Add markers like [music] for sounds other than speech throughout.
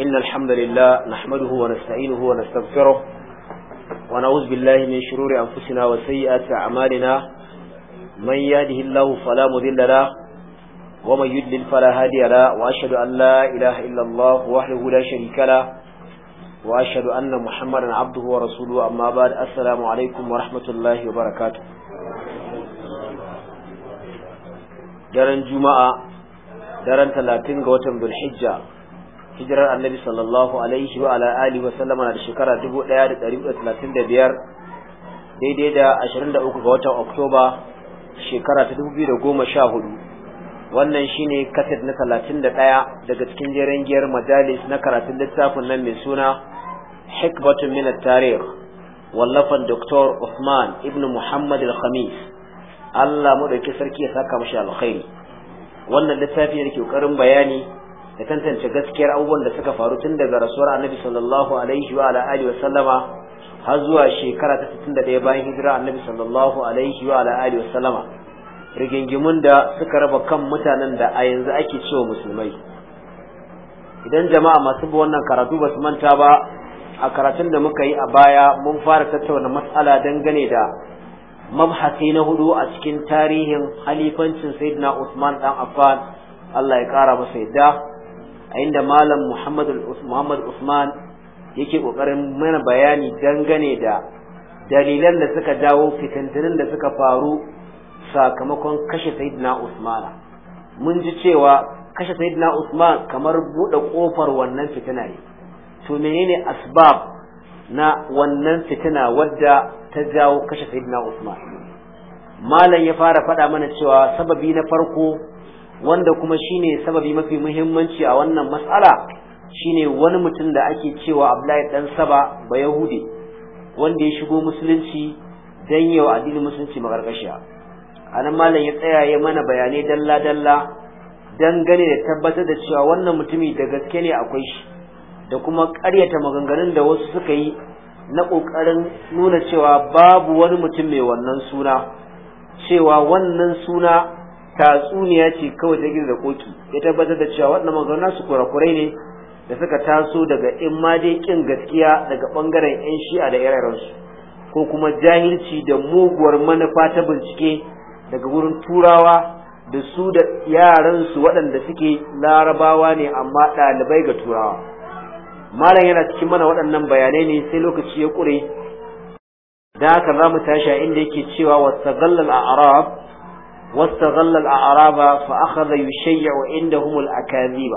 إن الحمد لله نحمده ونستعينه ونستغفره ونعوذ بالله من شرور أنفسنا وسيئات أعمالنا من يهده الله فلا مذل له ومن يدلل فلا هادي له وأشهد أن لا إله إلا الله وحده لا شريك له وأشهد أن محمدا عبده ورسوله أما بعد السلام عليكم ورحمة الله وبركاته daren juma'a daren talatin ga watan zulhijja hijirar annabi sallallahu alaihi wa ala alihi wa sallama na da shekara 1135 daidai da 23 ga watan Oktoba shekara ta 2014 wannan shine kaset na 31 daga cikin jeren giyar majalis na karatun littafin nan mai suna Hikbatun min at-Tarikh wallafan Dr. Uthman ibn Muhammad al-Khamis Allah mu dauki sarki ya saka mashi alkhairi wannan littafi yake kokarin bayani da tantance gaskiyar abubuwan da suka faru tun daga rasuwar annabi sallallahu alaihi wa alihi wa sallama har zuwa shekara ta 61 bayan hijira annabi sallallahu alaihi wa alihi wa sallama rigingimun da suka raba kan mutanen da a yanzu ake cewa musulmai idan jama'a masu bi wannan karatu ba su manta ba a karatun da muka yi a baya mun fara tattauna matsala dangane da mabhasi na hudu a cikin tarihin halifancin sayyidina Usman dan Affan Allah ya kara masa yadda a inda malam Muhammad Muhammad Usman yake kokarin mana bayani dangane da dalilan da suka dawo fitintunin da suka faru sakamakon kashe Sayyidina Usman mun ji cewa kashe Sayyidina Usman kamar buɗe ƙofar wannan fitina ne to menene asbab na wannan fitina wadda ta jawo kashe Sayyidina Usman malam ya fara faɗa mana cewa sababi na farko wanda kuma shine sababi mafi muhimmanci a wannan mas'ala shine wani mutum da ake cewa Abdullahi dan Saba ba Yahudi wanda ya shigo musulunci dan yau addinin musulunci magargashiya anan malam ya tsaya ya mana bayanai dalla dalla gane da tabbatar da cewa wannan mutumi da gaske ne akwai shi da kuma ƙaryata maganganun da wasu suka yi na ƙoƙarin nuna cewa babu wani mutum mai wannan suna cewa wannan suna tatsuniya ce kawai ta gizo da koki ya tabbatar da cewa waɗannan maganganun su kurakurai ne da suka taso daga in ma dai kin gaskiya daga bangaren yan shi'a da irarensu ko kuma jahilci da muguwar manufa ta bincike daga wurin turawa da su da yaransu waɗanda suke larabawa ne amma ɗalibai ga turawa malam yana cikin mana waɗannan bayanai ne sai lokaci ya ƙure da haka za mu tashi a inda yake cewa wasu a arab واستغل الأعراب فأخذ يشيع عندهم الأكاذيب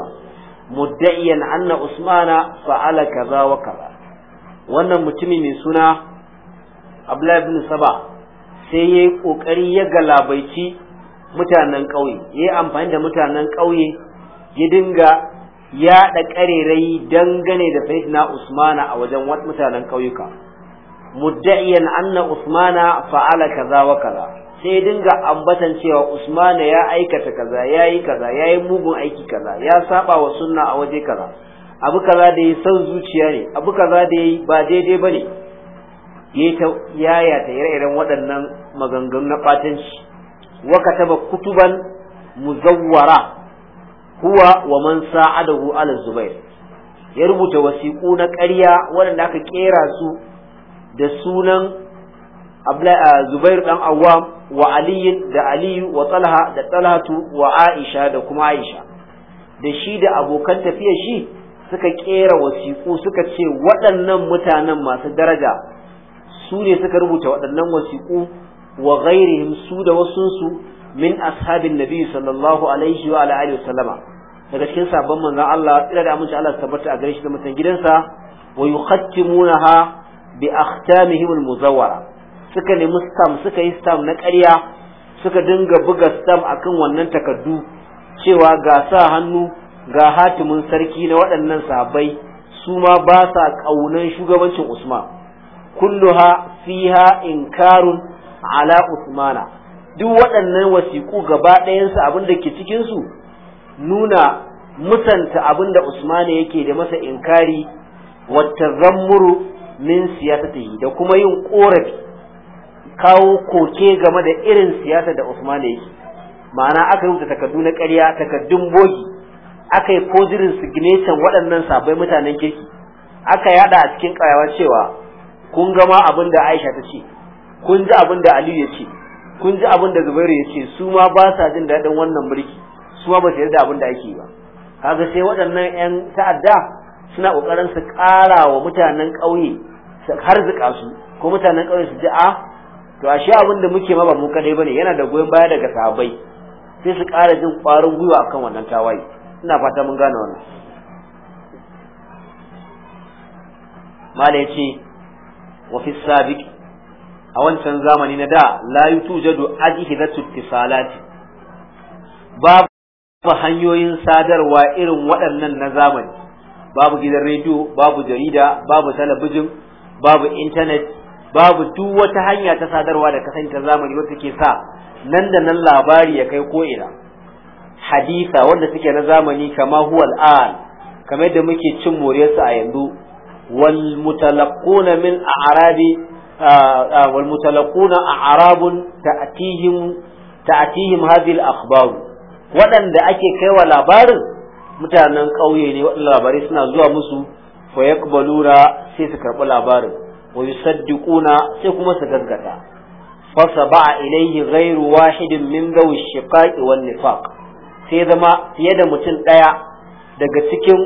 مدعيا أن عثمان فعل كذا وكذا wannan mutumin mai suna Abdullahi bin Saba sai ya yi kokari ya galabaici mutanen ƙauye ya yi amfani da mutanen ƙauye ya dinga yaɗa ƙarerai dangane da Sayyidina Usmana a wajen mutanen ƙauyuka mudda'iyan anna Usmana fa'ala kaza wa kaza sai dinga ambatan cewa Usman ya aikata kaza yayi kaza yayi mugun aiki kaza ya saba wa sunna a waje kaza abu kaza da yi san zuciya ne abu kaza da yi ba daidai bane yayi ta yaya ta ire-iren waɗannan maganganu na batanci wa kataba kutuban muzawwara huwa wa man sa'adahu ala zubair ya rubuta wasiƙu na ƙarya waɗanda aka kera su da sunan Zubair ɗan Awam wa aliyu da aliyu wa talha da talhatu wa aisha da kuma aisha da shi da abokan tafiyar shi suka kera wasiƙu suka ce waɗannan mutanen masu daraja su ne suka rubuta waɗannan wasiƙu wa ghairihim su da wasunsu min ashabin nabi sallallahu alaihi wa alihi wa sallama daga cikin sabon manzon Allah tsira da ala Allah tabbata a gare shi da mutan gidansa wa yukhattimunaha bi akhtamihim al-muzawwara suka nemi stam suka yi stam na ƙarya suka dinga buga stam a kan wannan takardu cewa ga sa hannu ga hatimin sarki na waɗannan sabai su ma ba sa ƙaunan shugabancin Usman kulluha fiha inkarun ala Usmana duk waɗannan wasiƙu gaba ɗayansu abin da ke cikinsu nuna mutanta abin da usmani yake da masa inkari wata zammuru min siyasatihi da kuma yin ƙorafi kawo koke game da irin siyasa da Usman yake ma'ana aka rubuta takardu na ƙarya takardun bogi aka yi jirin signature waɗannan sabai mutanen kirki aka yada a cikin ƙayawa cewa kun gama abin da Aisha ta ce kun ji abin da Aliyu ya ce kun ji abin da Zubairu ya ce su ma ba sa jin daɗin wannan mulki su ma ba su yarda abin da ake yi ba kaga sai waɗannan 'yan ta'adda suna ƙoƙarin su ƙara wa mutanen ƙauye su harzuka su ko mutanen ƙauye su ji a ah, to ashe abin da muke maba ba mu kadai bane yana da goyon baya daga sahabbai sai su ƙara jin ƙwarin gwiwa akan wannan tawaye ina fata mun gane wannan mala yace wa fi sabiq a wancan zamani na da la yutujadu ajhidatu ittisalati babu hanyoyin sadarwa irin waɗannan na zamani babu gidan rediyo babu jarida babu talabijin babu intanet babu duk wata hanya ta sadarwa da kasanta zamani wacce ke sa nan da nan labari ya kai ko ina hadisa wanda suke na zamani kama huwal al'an kamar da muke cin moresu a yanzu wal mutalaquna min a'rabi wal mutalaquna a'rabun ta'tihim ta'tihim hadhihi al-akhbar waɗanda ake kaiwa labarin mutanen ƙauye ne wadanda labarai suna zuwa musu fa yaqbaluna sai su karɓi labarin wa yusaddiquna sai kuma su gaggata fasa ba'a ilaihi ghairu wahidin min gawi shiqaqi wal nifaq sai zama fiye da mutum daya daga cikin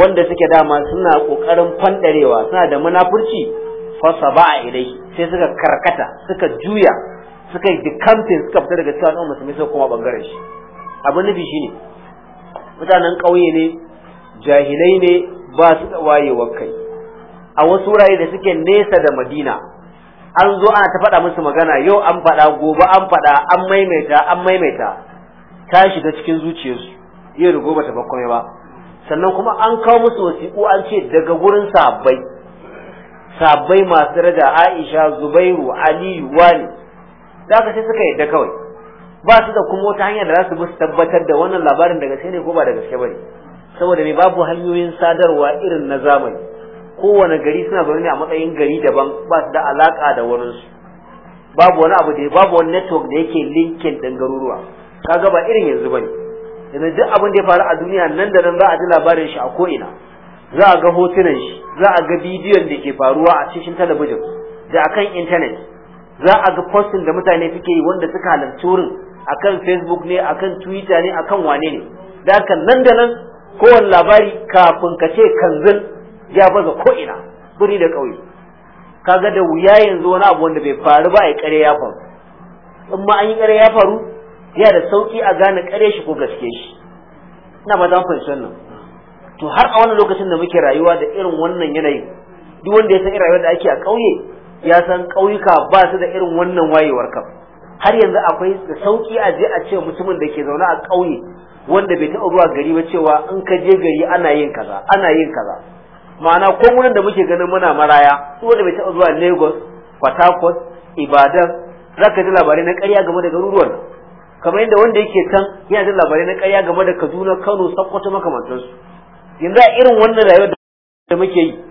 wanda suke dama suna kokarin fandarewa suna da munafurci fasa saba ilaihi sai suka karkata suka juya suka yi dikantin suka fita daga cikin musulmi sai kuma bangaren shi abin nufi shine mutanen ƙauye ne jahilai ne ba su da wayewar kai a wasu wurare da suke nesa da madina an zo ana ta faɗa musu magana yau an faɗa gobe an faɗa an maimaita an maimaita ta shiga cikin zuciyarsu yau da gobe ta bakwai ba sannan kuma an kawo musu wasiƙu an ce daga gurin sabai sabbai masu rada aisha zubairu aliyu wani da aka sai suka yadda kawai ba su da kuma wata hanyar da za su bi su tabbatar da wannan labarin daga sai ne ko ba da gaske bane saboda me babu hanyoyin sadarwa irin na zamani kowane gari suna zaune a matsayin gari daban ba su da alaka da wurinsu babu wani abu da babu wani network da yake linkin ɗin garuruwa kaga ba irin yanzu bane yanzu duk abin da ya faru a duniya nan da nan za a ji labarin shi a ko ina za a ga hotunan shi za a ga bidiyon da ke faruwa a cikin talabijin da akan intanet za a ga posting da mutane suke yi wanda suka halarci wurin akan facebook ne akan twitter ne akan wane ne da haka nan da nan kowane labari kafin ka ce kanzil ya baza ko ina birni da ƙauye kaga da wuya yanzu wani abu wanda bai faru ba a kare ya faru in ma an yi kare ya faru ya da sauki a gane kare shi ko gaske shi ina ba zan fahimci wannan to har a wannan lokacin da muke rayuwa da irin wannan yanayin duk wanda ya san irin rayuwar da ake a ƙauye ya san ƙauyuka ba su da irin wannan wayewar kan har yanzu akwai da sauki a je a ce mutumin da ke zaune a ƙauye wanda bai taɓa zuwa gari ba cewa in ka je gari ana yin kaza ana yin kaza ma'ana ko wurin da muke ganin muna maraya su wanda bai taɓa zuwa lagos port ibadan zaka ji labarai na ƙarya game da garuruwan kamar yadda wanda yake can yana jin labarai na ƙarya game da kaduna kano sokoto makamantansu yanzu a irin wannan rayuwar da muke yi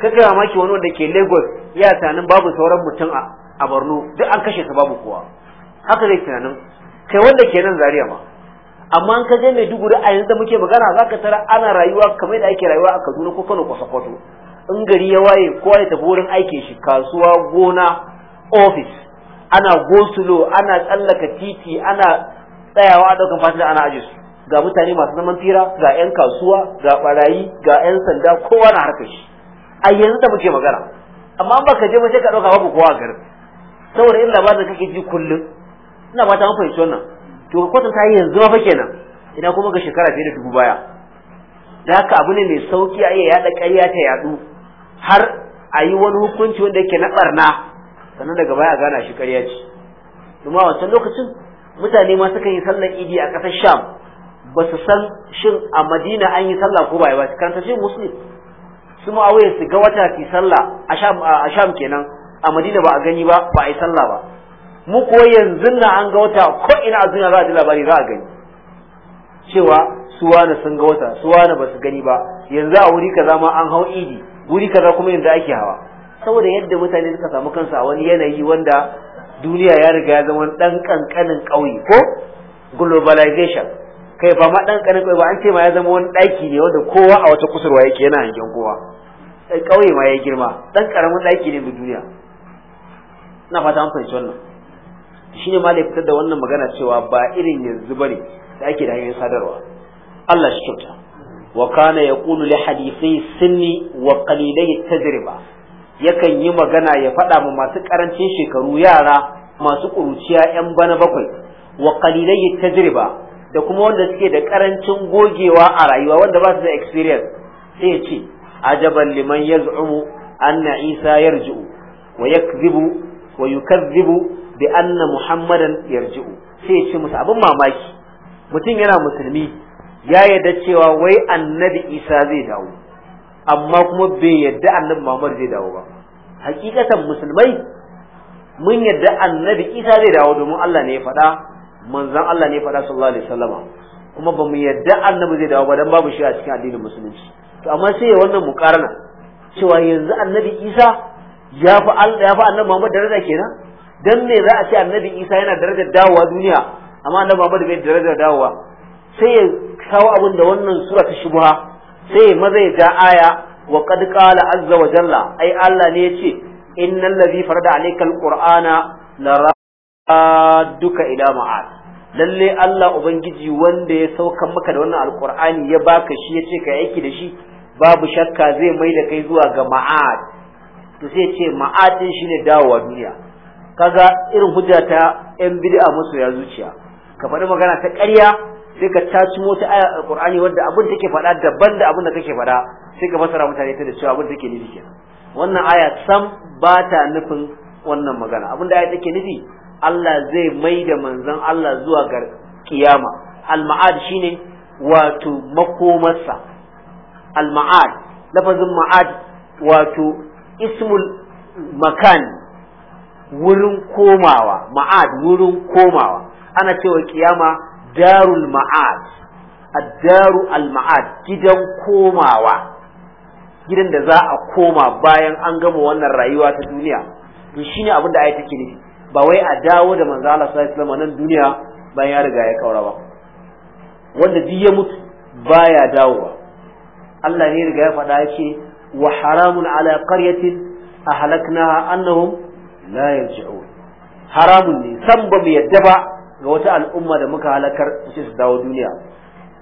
kaga mamaki wani wanda ke lagos ya tunanin babu sauran mutum a borno duk an kashe su babu kowa haka zai tunanin kai wanda ke nan zaria ma amma ka je mai duguri a yanzu da muke magana za ka tara ana rayuwa kamar da ake rayuwa a kaduna ko kano ko sokoto in gari ya waye kowa ya tafi wurin aikin shi kasuwa gona ofis ana gosulo ana tsallaka titi ana tsayawa a daukan fatan ana aje su ga mutane masu zaman fira ga 'yan kasuwa ga barayi ga 'yan sanda kowa na harkar shi a yanzu da muke magana amma an baka je ba sai ka dauka babu kowa a garin saboda in labarin da kake ji kullum ina ba mun fahimci wannan to kwatan ta yi yanzu fa kenan ina kuma ga shekara fiye da dubu baya da haka abu ne mai sauki a iya yada ƙarya ta yadu har a yi wani hukunci wanda yake na barna sannan daga baya gana shi ƙarya ce kuma a wancan lokacin mutane ma suka yi sallar idi a ƙasar sham ba su san shin a madina an yi sallah ko ba su karanta shi muslim su ma'awaye su ga wata fi sallah a sham kenan a madina ba a gani ba ba a yi sallah ba mu ko yanzu na an ga wata ko ina a duniya za a ji labari za a gani cewa suwa na sun ga wata suwana basu ba su gani ba yanzu a wuri kaza ma an hau idi wuri kaza kuma yanzu ake hawa saboda yadda mutane suka samu kansu a wani yanayi wanda duniya ya riga ya zama dan kankanin ƙauye ko globalization kai ba ma dan kankanin ƙauye ba an ce ma ya zama wani daki ne wanda kowa a wata kusurwa yake yana hangen kowa ƙauye ma ya girma dan karamin daki ne mu duniya na fata an fahimci wannan shin ma malai fitar da wannan magana cewa ba irin yanzu bane da ake da hanyar sadarwa Allah shi kyauta wa kana kulu li hadisai sinni wa qalilai tajriba yakan yi magana ya faɗa ma masu karancin shekaru yara masu ƙuruciya 'yan bana bakwai wa qalilai tajriba da kuma wanda suke da karancin gogewa a rayuwa wanda ba su da experience sai ya ce ajaban liman yaz'umu anna isa yarji'u wa yakzibu wa yukazzibu bi anna muhammadan yarji'u sai ya ce musu abin mamaki mutum yana musulmi ya yarda cewa wai annabi isa zai dawo amma kuma bai yarda annabi muhammad zai dawo ba hakikatan musulmai mun yarda annabi isa zai dawo domin allah ne ya faɗa manzon allah ne ya faɗa sallallahu alaihi wasallama kuma ba mu yarda annabi zai dawo ba dan babu shi a cikin addinin musulunci to amma sai ya wannan mukarana cewa yanzu annabi isa ya fi annabi muhammad daraja kenan dan me za a ce annabi isa yana darajar dawowa duniya amma annabi muhammad bai darajar dawowa sai ya kawo abin da wannan sura ta shubha sai maza ya ja aya wa qad qala azza wa jalla ai allah ne yace innal ladhi farada alaykal qur'ana la duka ila ma'ad lalle allah ubangiji wanda ya sauka maka da wannan alqur'ani ya baka shi ya ce ka aiki da shi babu shakka zai mai da kai zuwa ga ma'ad to sai ce ma'adin shine dawowa duniya kaga irin hujja ta yan bid'a musu ya zuciya ka faɗi magana ta ƙarya sai ka tashi mota aya alqur'ani wanda abin take faɗa daban da abin da kake faɗa sai ka fasara mutane ta da cewa abin take nufi kenan wannan aya sam ba ta nufin wannan magana abin da aya take nufi Allah zai mai da manzon Allah zuwa ga kiyama al-ma'ad shine wato makomarsa al-ma'ad lafazin ma'ad wato ismul makan wurin komawa ma'ad wurin komawa ana cewa kiyama darul ma'ad addaru al-ma'ad gidan komawa gidan da za a koma bayan an gama wannan rayuwa ta duniya to shine abin da ayi take nufi ba wai a dawo da manzo Allah sallallahu alaihi nan duniya bayan ya riga ya kaura ba wanda duk ya mutu baya dawowa Allah ne riga ya faɗa yake wa haramun ala qaryatin ahlaknaha annahum la haramun ne san ba mu yadda ba ga wata al'umma da muka halakar su su dawo duniya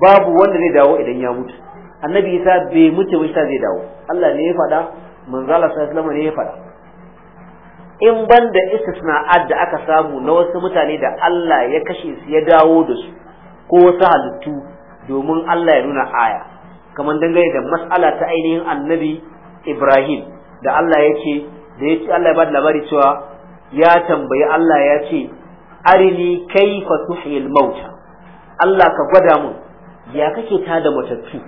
babu wanda zai dawo idan ya mutu annabi isa bai mutu wai zai dawo Allah ne ya faɗa manzo Allah sallallahu ne ya faɗa in banda istisna'at da aka samu na wasu mutane da Allah ya kashe su ya dawo da su ko wasu halittu domin Allah ya nuna aya kamar dangane da mas'ala ta ainihin annabi Ibrahim da Allah ya ce da ya ce Allah ya bada labari cewa ya tambayi Allah ya ce arini kai fa tuhyil mauta Allah ka gwada mu ya kake ta da matattu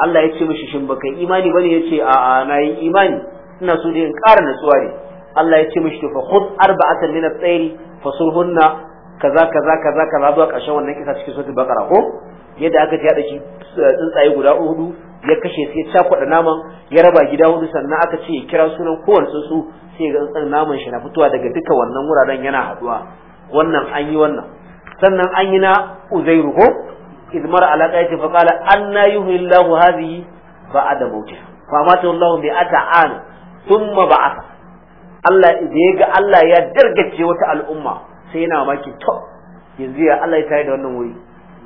Allah ya ce mishi shin baka imani bane ya ce a'a na yi imani ina so da in ƙara natsuwa ne Allah ya ce mishi to fa khud arba'atan min at-tayri fasurhunna kaza kaza kaza kaza zuwa ƙarshen wannan kisa cikin suratul baqara ko yadda aka ji ya eh, tsuntsaye guda hudu ya kashe sai ya cakwada naman ya raba gida hudu sannan aka ce ya kira sunan sun su sai ga tsan naman shi na fitowa daga duka wannan wuraren yana haduwa wannan an yi wannan sannan an yi na uzairu ko izmar alaka yace fa qala anna yuhyi Allahu hadhihi ba'da mautiha fa mata Allahu bi ata'an thumma ba'atha Allah da ya ga Allah ya dargace wata al'umma sai yana maki to yanzu ya Allah ya tare da wannan wuri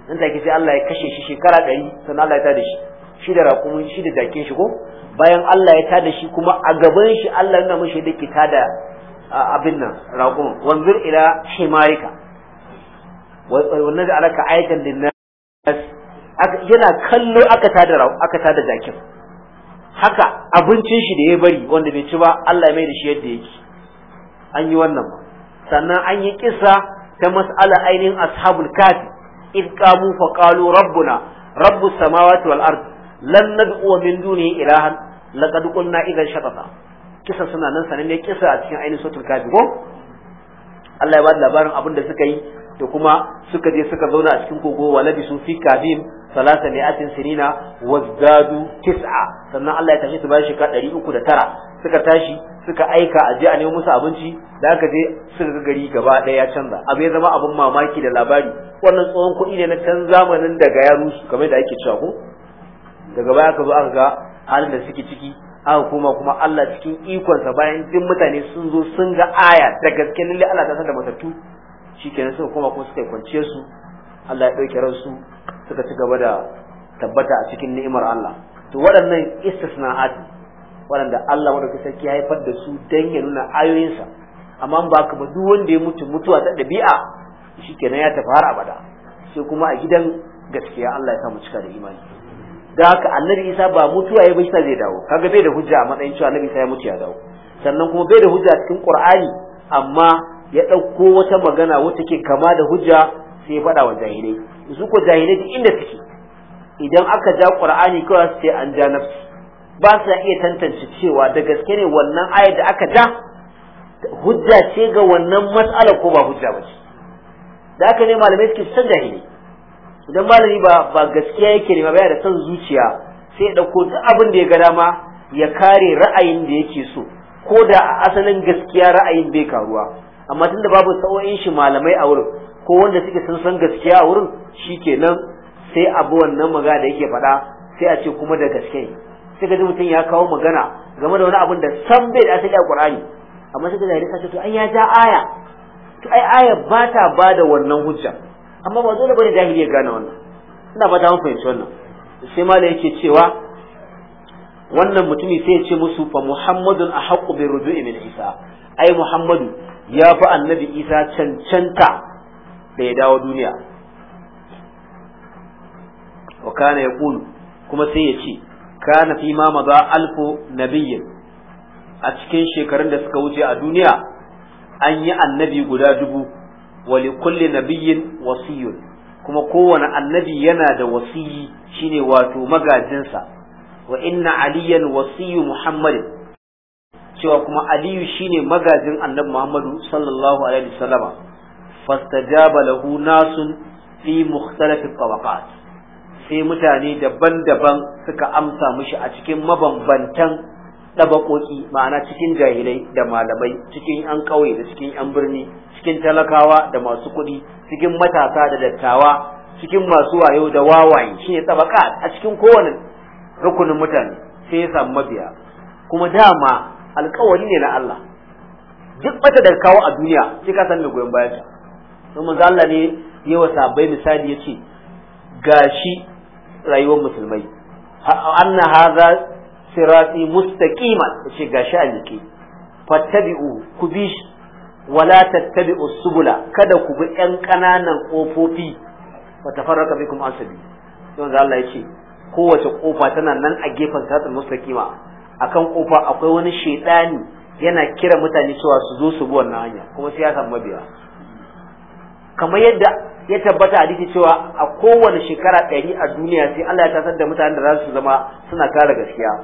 nan take sai Allah ya kashe shi shekara 100 sannan Allah ya tare da shi shi da raƙumin shi da jakin shi ko bayan Allah ya tada shi kuma a gaban shi Allah yana mishi da kita da abin nan raƙumin wanzur ila himarika wannan da alaka ayatan nan yana kallo aka tada aka tada jakin haka abincin shi da ya bari wanda bai ci ba Allah ya mai da shi yadda yake an yi wannan ba sannan an yi kisa ta mas'ala ainihin ashabul kafi idh qamu fa qalu rabbuna rabbus samawati wal ardi lan nad'u min duni ilahan laqad qulna idan shatata kisa suna nan sanan ne kisa a cikin ainihin suratul kafi ko Allah ya ba da labarin abin da suka yi To kuma suka je suka zauna a cikin kogo wa labisu fi kabim salasa mi'atin sinina wazdadu tis'a sannan Allah ya tashi su bayan shekara ɗari uku suka tashi suka aika a je a nemo musu abinci da aka je suka ga gari gaba ɗaya ya canza abu ya zama abin mamaki da labari wannan tsohon kuɗi ne na can zamanin daga yaro su kamar da ake cewa ko daga baya ka zo aka ga halin da suke ciki aka koma kuma Allah cikin ikonsa bayan duk mutane sun zo sun ga aya da gaske lalle Allah ta san da matattu shikenan suka koma kuma suka kwanciyar su Allah ya dauke ransu suka ci gaba da tabbata a cikin ni'imar Allah to waɗannan istisna'at waɗanda Allah madaukakin sarki ya haifar da su dan ya nuna ayoyinsa amma ba ka ba duk wanda ya mutu mutuwa ta ɗabi'a kenan ya tafi har abada sai kuma a gidan gaskiya Allah ya sa mu cika da imani da haka annabi isa ba mutuwa ya bisa zai dawo kaga bai da hujja a matsayin cewa annabi isa ya mutu ya dawo sannan kuma bai da hujja cikin qur'ani amma ya dauko wata magana wacce ke kama da hujja sai ya fada wa jahilai su ko jahilai inda suke idan aka ja qur'ani kawai su ce an ja nafsi ba su iya tantance cewa da gaske ne wannan ayar da aka ja hujja ce ga wannan matsala ko ba hujja ba ce da haka ne malamai suke san jahilai. idan malami ba ba gaskiya yake ne ba baya da son zuciya sai ya dauko duk abin da ya ga dama ya kare ra'ayin da yake so ko da a asalin gaskiya ra'ayin bai karuwa amma tunda babu sa'o'in shi malamai a wurin ko wanda suke sun san gaskiya a wurin shikenan sai abu wannan magana da yake faɗa sai a ce kuma da gaske sai ka ji mutum ya kawo magana game da wani abin da san bai da asali a Qur'ani amma sai ka ji sai to ai ya ja aya to ai aya ba ta ba wannan hujja amma ba dole bane jahili ya gane wannan ina ba ta fahimci wannan sai ma yake cewa wannan mutumi sai ya ce musu fa muhammadun a haƙƙo bai ruju'i min isa ai muhammadu ya fi annabi isa cancanta da ya dawo duniya wa kana ya ƙulu kuma sai ya ce kana fi ma maza alfu nabiyyin a cikin shekarun da suka wuce a duniya an yi annabi guda dubu wa li kulli nabiyyin wasiyyun kuma kowane annabi yana da wasiyi shine wato magajinsa wa inna aliyan wasiyyu muhammadin cewa kuma aliyu shine magajin annabi muhammadu sallallahu alaihi wasallama fastajaba lahu nasun fi mukhtalafi tawaqat sai mutane daban-daban suka amsa mishi a cikin mabambantan ɗabaƙoƙi ma'ana cikin jahilai da malamai cikin 'yan ƙauye da cikin 'yan birni cikin talakawa da masu kuɗi cikin matasa da dattawa cikin masu wayo da wawaye ne tabaka a cikin kowane rukunin mutane sai ya samu mabiya kuma dama alƙawari ne na Allah duk bata da kawo a duniya sai ka san me goyon bayan ta don manzo Allah ne wa sabai misali yace gashi rayuwar musulmai anna hadha sirati ya ce gashi a miƙe fattabi'u ku bi wala tattabi'u subula kada ku bi ƴan ƙananan ƙofofi wa tafarraka bikum an sabi da Allah yace kowace ƙofa tana nan a gefen sirati mustaqima akan ƙofa akwai wani shedani yana kira mutane cewa su zo su bi wannan hanya kuma sai ya samu mabiya kamar yadda ya tabbata hadisi cewa a kowane shekara ɗari a duniya sai Allah ya tasar da mutanen da za su zama suna kare gaskiya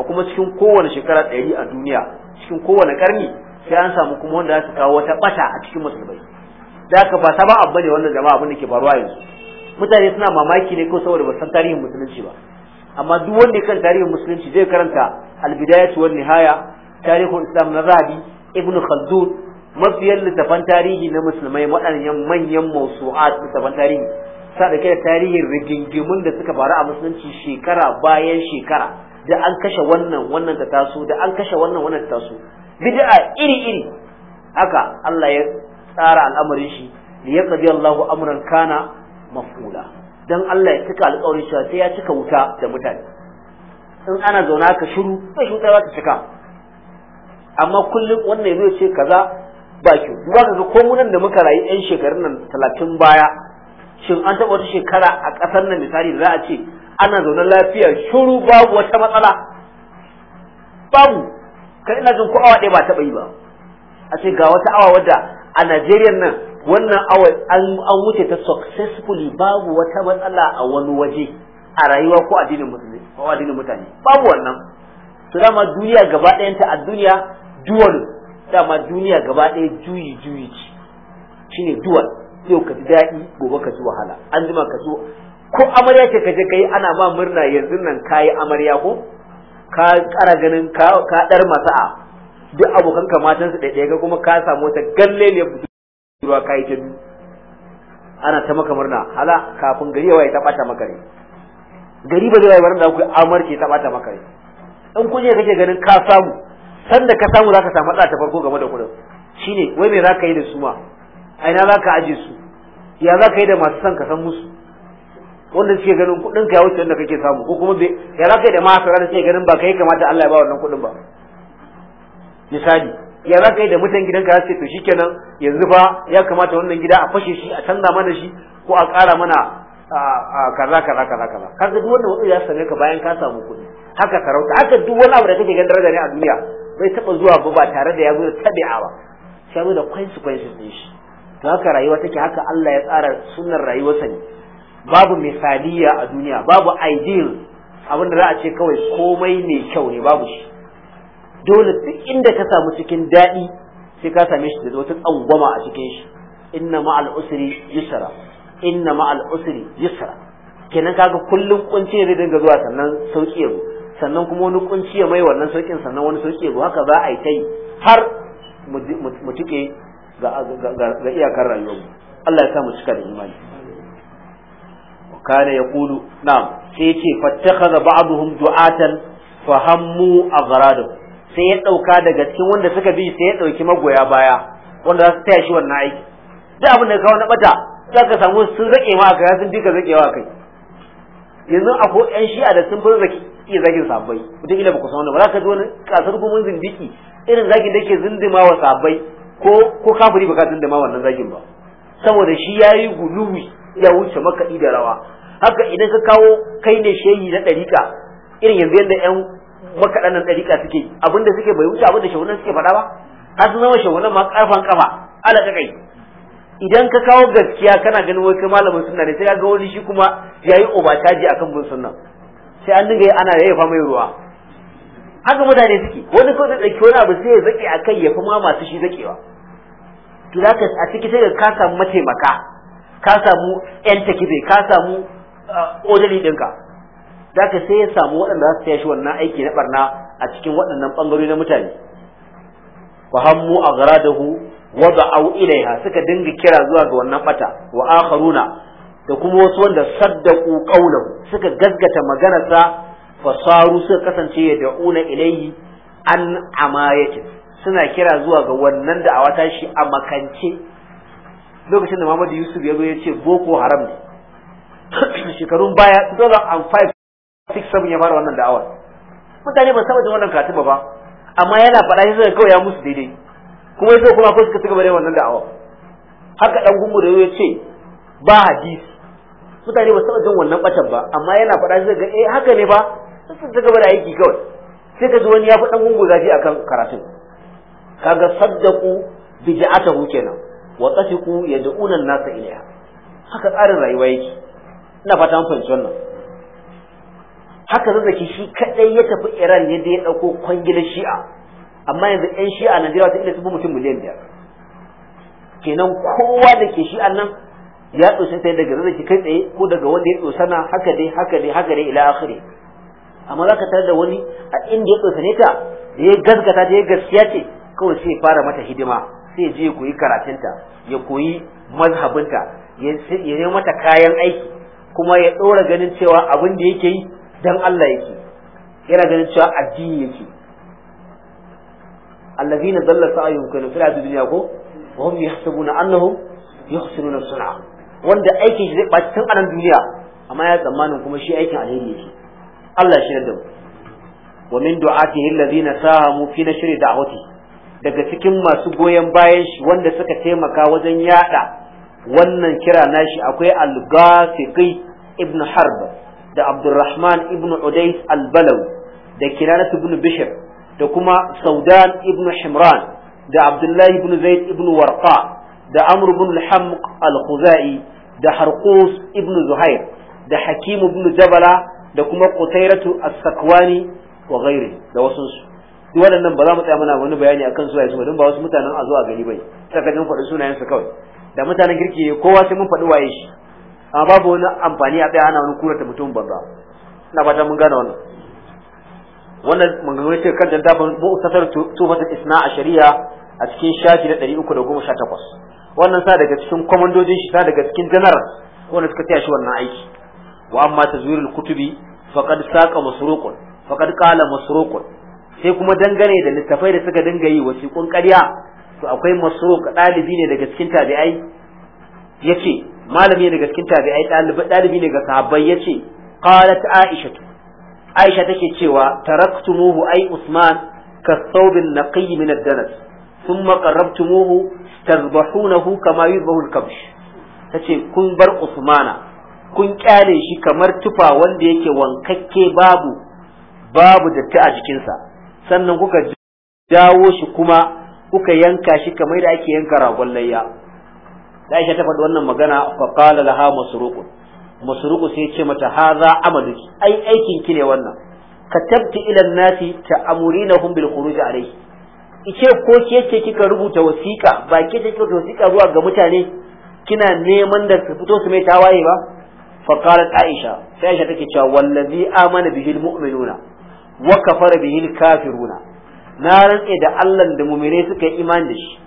a kuma cikin kowane shekara ɗari a duniya cikin kowane ƙarni sai an samu kuma wanda za su kawo wata ɓata a cikin musulmai da haka ba saba abu ne wannan jama'a abin da ke faruwa yanzu mutane suna mamaki ne ko saboda ba san tarihin musulunci ba amma duk wanda kan tarihin musulunci zai karanta albidayatu wan nihaya tarihul islam na rabi ibnu khaldun Mafiyar littafan tarihi na musulmai waɗannan manyan mausu'at littafan tarihi sa da kai tarihin rigingimun da suka faru a musulunci shekara bayan shekara da an kashe wannan wannan ta taso da an kashe wannan wannan ta taso bid'a iri iri haka Allah ya tsara al'amarin shi li yaqdi Allahu amran kana maf'ula dan Allah ya cika alƙawarin shi sai ya cika wuta da mutane in ana zauna ka shiru sai wuta za ta cika amma kullum wannan ya ce kaza ba duba ka ga komunan da muka rayu yan shekarun nan talatin baya shin an taɓa wata shekara a ƙasar nan misali da za a ce ana zaune lafiya shuru babu wata matsala babu kai ina jin ko awa ɗaya ba taɓa yi ba a ce ga wata awa wadda a Najeriya nan wannan awa an wuce ta successfully babu wata matsala a wani waje a rayuwa ko addinin mutane babu wannan su dama duniya gaba ɗayanta a duniya duwalu dama duniya gaba ɗaya juyi juyi ce shine duwal yau ka ji daɗi gobe ka ji wahala an jima ka zo ko amarya ce ka je yi ana ma murna yanzu nan ka yi amarya ko ka ƙara ganin ka ɗar masa'a duk abokan ka su ɗaiɗaya ka kuma ka samu wata galle ne ruwa yi ta biyu ana ta maka murna hala kafin gari yawa ya ta ɓata maka rai gari ba zai rayuwar da ku taɓa ta ɓata maka rai in kuje kake ganin ka samu sanda ka samu zaka samu matsala ta farko game da kuɗin shine wai me zaka yi da su ma a ina zaka aje su ya zaka yi da masu son ka san musu wanda suke ganin kudin ka ya wuce wanda kake samu ko kuma ya zaka yi da masu ranar suke ganin ba kai kamata Allah ya ba wannan kuɗin ba misali ya zaka yi da mutan gidanka ya ce to shikenan yanzu fa ya kamata wannan gida a fashe shi a canza mana shi ko a ƙara mana kaza kaza kaza kaza kaga duk wanda wani ya same ka bayan ka samu kuɗi haka sarauta haka duk wani abu da kake ganin daraja ne a duniya bai taba zuwa ba ba tare da ya zo da tabi'a ba sai zo da consequences din shi to haka rayuwa take haka Allah ya tsara sunan rayuwarsa ne babu misaliya a duniya babu ideal abin da za a ce kawai komai mai kyau ne babu shi dole duk inda ka samu cikin daɗi sai ka same shi da wata tsangwama a cikin shi inna ma'al usri yusra inna ma'al usri yusra kenan kaga kullum kunci zai dinga zuwa sannan sauki ya zo sannan kuma wani kunci ya mai wannan sokin sannan wani sauki ya haka za a yi ta yi har mu tike ga iyakar rayuwar Allah ya sa mu cika da imani kana ya kulu na'am sai ce fattakhadha ba'dhum du'atan fahammu aghradahu sai ya dauka daga cikin wanda suka bi sai ya dauki magoya baya wanda za su taya shi wannan aiki duk abin da kawo na bata za ka samu sun zake ma kai sun bi ka zakewa kai yanzu akwai yan shi'a da sun fi zaki iya zagin sabai wataƙila ba ku san wani ba za ka ji wani kasar gumin zindiki irin zagin da ke zindima wa sabai ko ko kafiri ba ka zindima wannan zagin ba saboda shi ya yi guluwi ya wuce makaɗi da rawa haka idan ka kawo kai ne shehi na ɗariƙa irin yanzu yadda 'yan makaɗanan ɗariƙa suke abinda suke bai wuce abinda shahunan suke faɗa ba har sun zama shahunan ma ƙarfan ƙafa ala kai idan ka kawo gaskiya kana ganin wai kai malamin sunna ne sai ka ga wani shi kuma yayi obacaji akan bin sunna sai an dinga ana yayyafa mai ruwa haka mutane suke wani ko da tsaki wani abu sai ya zake a kai ya fi ma masu shi zakewa to za a ciki sai ka samu mataimaka ka samu yan takibe ka samu uh, odali ɗinka za sai ya samu waɗanda za su taya shi wannan aiki na barna a cikin waɗannan ɓangarori na mutane fahammu a garadahu wada'au ilaiha suka dinga kira zuwa ga wannan bata wa akharuna da kuma wasu wanda saddaku qaulahu suka gaggata maganarsa fasaru suka kasance ya da'una ilayhi an amayati suna kira zuwa ga wannan da awata shi a makance lokacin da Muhammad Yusuf ya zo ya ce boko haram ne [coughs] shekarun baya 2005 sabon ya fara wannan da'awar mutane ba saba da wannan katiba ba amma yana faɗa shi suka kawai ya musu daidai kuma yasa kuma akwai suka cigaba da wannan da'awa haka dan gumu da ya ce ba hadisi mutane ba taɓa jin wannan batan ba amma yana faɗa zai ga eh haka ne ba sai ta gaba da aiki kawai sai ka ji wani ya fi ɗan gunguza shi akan karatun kaga saddaku bija'atahu kenan wa tafiqu yad'una an-nasa ilayha haka tsarin rayuwa yake ina fata mun fahimci wannan haka zazzaki shi kadai ya tafi Iran ne da ya ɗauko kwangilar Shi'a amma yanzu ɗan Shi'a Najeriya ta ila su mutum miliyan biyar kenan kowa da ke Shi'an nan ya tsoshin ta daga zazzaki kai tsaye ko daga wanda ya na haka dai haka dai haka dai ila akhiri amma za ka tarar da wani a inda ya tsosane ta da ya gaskata ta ya gaskiya ce kawai sai ya fara mata hidima sai je koyi karatunta ya koyi mazhabinta ya yi mata kayan aiki kuma ya ɗora ganin cewa abin da yake yi dan Allah yake yana ganin cewa addini yake allazina dalla sa'ayuhum kana fil hayatid dunya ko wa hum yahsabuna annahum yuhsinuna sun'a wanda aikin shi zai ɓaci tun anan duniya amma ya tsammanin kuma shi aikin alheri yake Allah shi da mu wa min du'atihi alladhina sahamu fi nashri da'wati daga cikin masu goyon bayan shi wanda suka taimaka wajen yada wannan kira nashi akwai al-Ghafiqi ibn Harb da Abdurrahman ibn Udays al-Balawi da Kinanat ibn Bishr da kuma Saudan ibn Himran da Abdullahi ibn Zaid ibn Warqa da amr ibn al-hamq al-khuzai da harqus ibn zuhair da hakim ibn jabala da kuma qutairatu as-sakwani wa ghairi da wasu su duk waɗannan ba za mu tsaya muna wani bayani akan su yanzu. don ba wasu mutanen a zuwa gari bai saka jin faɗi sunayen su kawai da mutanen kirki kowa sai mun faɗi waye shi amma babu wani amfani a tsaya ana wani ta mutum banza ina fata mun gane wannan wannan maganganun cikin kan mu mu'tasarar tufatul isna a shari'a a cikin shafi na takwas. wannan sa daga cikin kwamandojin shi sa daga cikin janar wanda suka taya shi wannan aiki wa amma tazwirul kutubi faqad saqa masruqun faqad qala masruqun sai kuma dangane da littafai da suka dinga yi wasiqun ƙarya to akwai masruq dalibi ne daga cikin tabi'ai yace malami ne daga cikin tabi'ai dalibi ne ga sahabbai yace qalat aisha aisha take cewa taraktumuhu ay usman ka thawbin naqiy min ad-danas thumma qarrabtumuhu tazbahunahu kama yuzbahu al-kabsh tace kun bar usmana kun kyale shi kamar tufa wanda yake wankakke babu babu datti a jikinsa sannan kuka jawo shi kuma kuka yanka shi kamar da ake yanka ragon layya Aisha ta faɗi wannan magana fa qala laha masruq masruq sai ce mata hadha amaluki ai aikin ki ne wannan katabti ila ilan nasi ta'murinahum bil khuruj alayhi ke ko ke yake kika rubuta wasiƙa ba ke ce kika wasiƙa zuwa ga mutane kina neman da su fito su mai tawaye ba fa qalat aisha sai aisha take cewa wallazi amana bihi almu'minuna wa kafara bihi alkafiruna na rantse da Allah da mu'mine suka yi imani da shi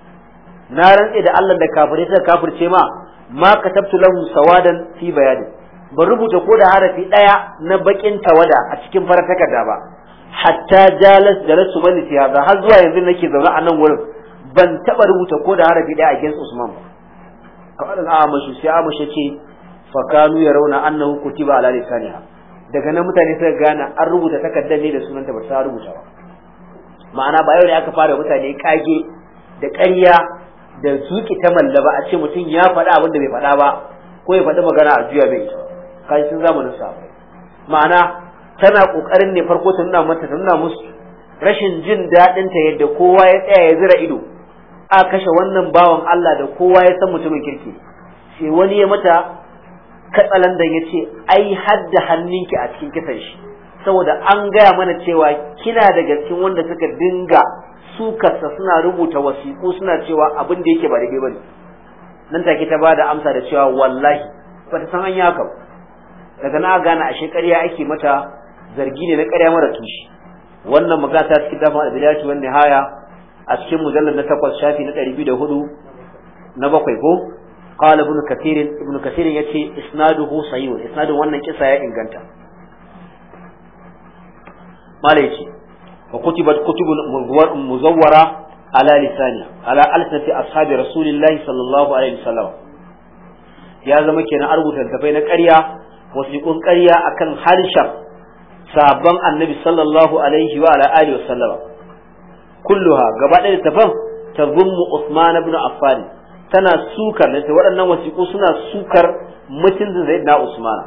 na rantse da Allah da kafirai suka kafirce ma ma katabtu lahum sawadan fi bayani ba rubuta ko da harafi daya na bakin tawada a cikin farar takarda ba hatta jalas da rasu bani fi har zuwa yanzu nake zaune a nan wurin ban taba rubuta ko da harafi a gidan Usman ba kamar da Amashu sai Amashu ce fa kanu yarawna annahu kutiba ala lisaniha daga nan mutane suka gane an rubuta takardar ne da sunanta ba ta rubuta ba ma'ana ba yau ne aka fara mutane kage da ƙarya da zuki ta malla ba a ce mutum ya faɗa abin da bai faɗa ba ko ya faɗi magana a juya bai ita kai sun zamanin sa ma'ana tana kokarin ne farko ta nuna mata nuna musu rashin jin daɗin ta yadda kowa ya tsaya ya zira ido a kashe wannan bawan Allah da kowa ya san mutumin kirki sai wani ya mata katsalandan ya ce ai hadda hannunki a cikin kisan shi saboda an gaya mana cewa kina da cikin wanda suka dinga sukarsa suna rubuta wasiƙu suna cewa abin da yake ba daidai bane nan take ta bada amsa da cewa wallahi ta san an yaka daga na gane a shekariya ake mata zargi ne na ƙarya mara tushe wannan magana ta cikin dafa da bilaci wani haya a cikin mujallar na takwas shafi na ɗari biyu da hudu na bakwai ko qala ibn kathir ibn kathir yace isnaduhu sahih isnadun wannan kisa ya inganta malaiki wa kutibat kutubul muzawwara ala lisani ala alsati ashabi rasulillahi sallallahu alaihi wasallam ya zama kenan a rubuta tafai na ƙarya wasiƙun ƙarya akan harshen Sabon annabi sallallahu alaihi wa ala alihi wa sallama kulluha gaba ɗaya tafan ta tazummu Usman ibn Affan tana sukar da waɗannan wasiƙu suna sukar zai na Usman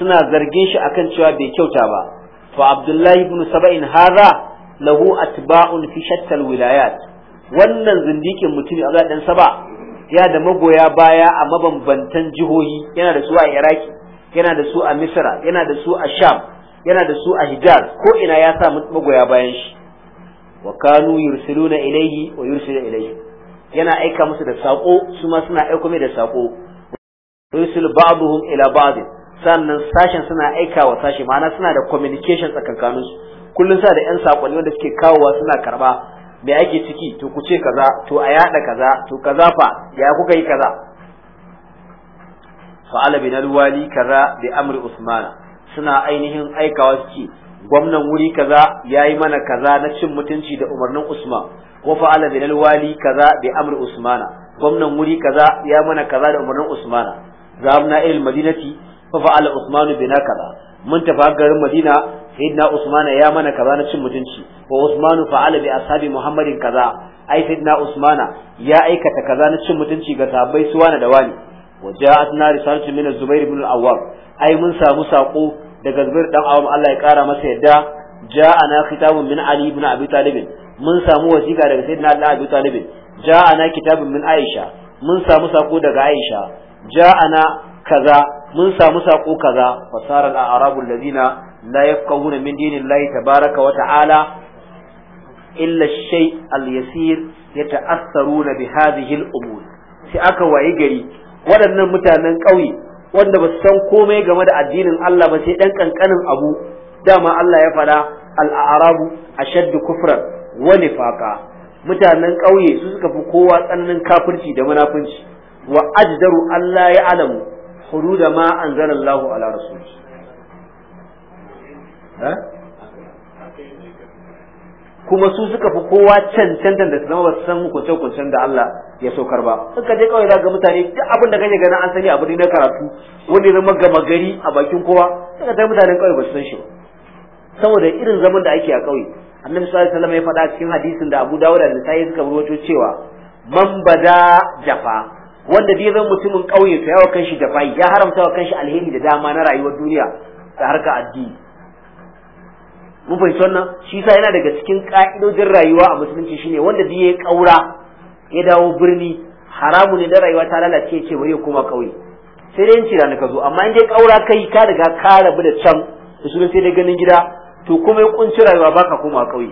suna zargin shi akan cewa bai kyauta ba fa Abdullahi ibn Saba'in hadha lahu atba'un fi shattal wilayat wannan zindikin mutumi Abdullahi dan Saba ya da magoya baya a mabambantan jihohi yana da su a Iraki yana da su a Misra yana da su a Sham yana da su a Hijaz ko ina ya sa magoya bayan shi wa kanu yursiluna ilayhi wa yursilu ilayhi yana aika musu da sako su ma suna aika mai da sako yursilu ba'dhum ila ba'd sannan sashen suna aika wa sashi ma'ana suna da communication tsakankanin su kullun sa da yan sakonni wanda suke kawowa suna karba me ake ciki to ku ce kaza to a yada kaza to kaza fa ya kuka yi kaza fa'ala bin alwali kaza bi amri usmana suna ainihin aikawa ce gwamnan wuri kaza ya yi mana kaza na cin mutunci da umarnin Usman ko fa'ala da wali kaza bi amri Usmana gwamnan wuri kaza ya mana kaza da umarnin Usmana zamna il madinati fa fa'ala Usman bina kaza mun tafi garin Madina sayyidina Usman ya mana kaza na cin mutunci wa Usman fa'ala bi ashabi Muhammadin kaza ai sayyidina Usman ya aikata kaza na cin mutunci ga sahabbai suwana da wani وجاءتنا رسالة من الزبير بن الأواب ai mun samu sako daga zubair dan awam Allah ya kara masa yadda ja'ana kitabun min ali ibn abi talib mun samu wasiqa daga sayyidina ali abi talib ja'ana kitabun min aisha mun samu sako daga aisha ja'ana kaza mun samu sako kaza fasara al-arabu alladhina la yafqahuna min dinillahi tabaraka wa ta'ala illa shay al-yasir yata'assaruna bi hadhihi al-umur sai aka wayi gari waɗannan mutanen ƙauye wanda ba su san komai game da addinin Allah ba sai dan kankanin abu dama Allah ya faɗa al'arabu a ashaddu kufran wa nifaqa mutanen ƙauye su suka fi kowa tsananin kafirci da munafunci wa ajdaru Allah ya alamu da ma anzalallahu ala rasul kuma su suka fi kowa cancantan da su zama ba su san hukunce hukuncen da Allah ya saukar ba in ka je kawai za ga mutane duk abin da kake ganin an sani abu ne na karatu wanda ya zama gama gari a bakin kowa sai ka mutanen kawai ba su san shi ba saboda irin zaman da ake a kauye annabi sallallahu alaihi wasallam ya faɗa cikin hadisin da Abu Dawud da Nasa'i suka rubuto cewa man bada jafa wanda dai zan mutumin kauye to yawa kanshi jafa ya haramta wa kanshi alheri da dama na rayuwar duniya da harka addini mun fahimci wannan shi yasa yana daga cikin ka'idojin rayuwa a musulunci shine wanda zai ya kaura ya dawo birni haramu ne da rayuwa ta lalace ce bari ya koma kauye sai dai yanci da ka zo amma in dai kaura kai ka riga ka rabu da can da sunan sai dai ganin gida to kuma ya kunci rayuwa baka koma kauye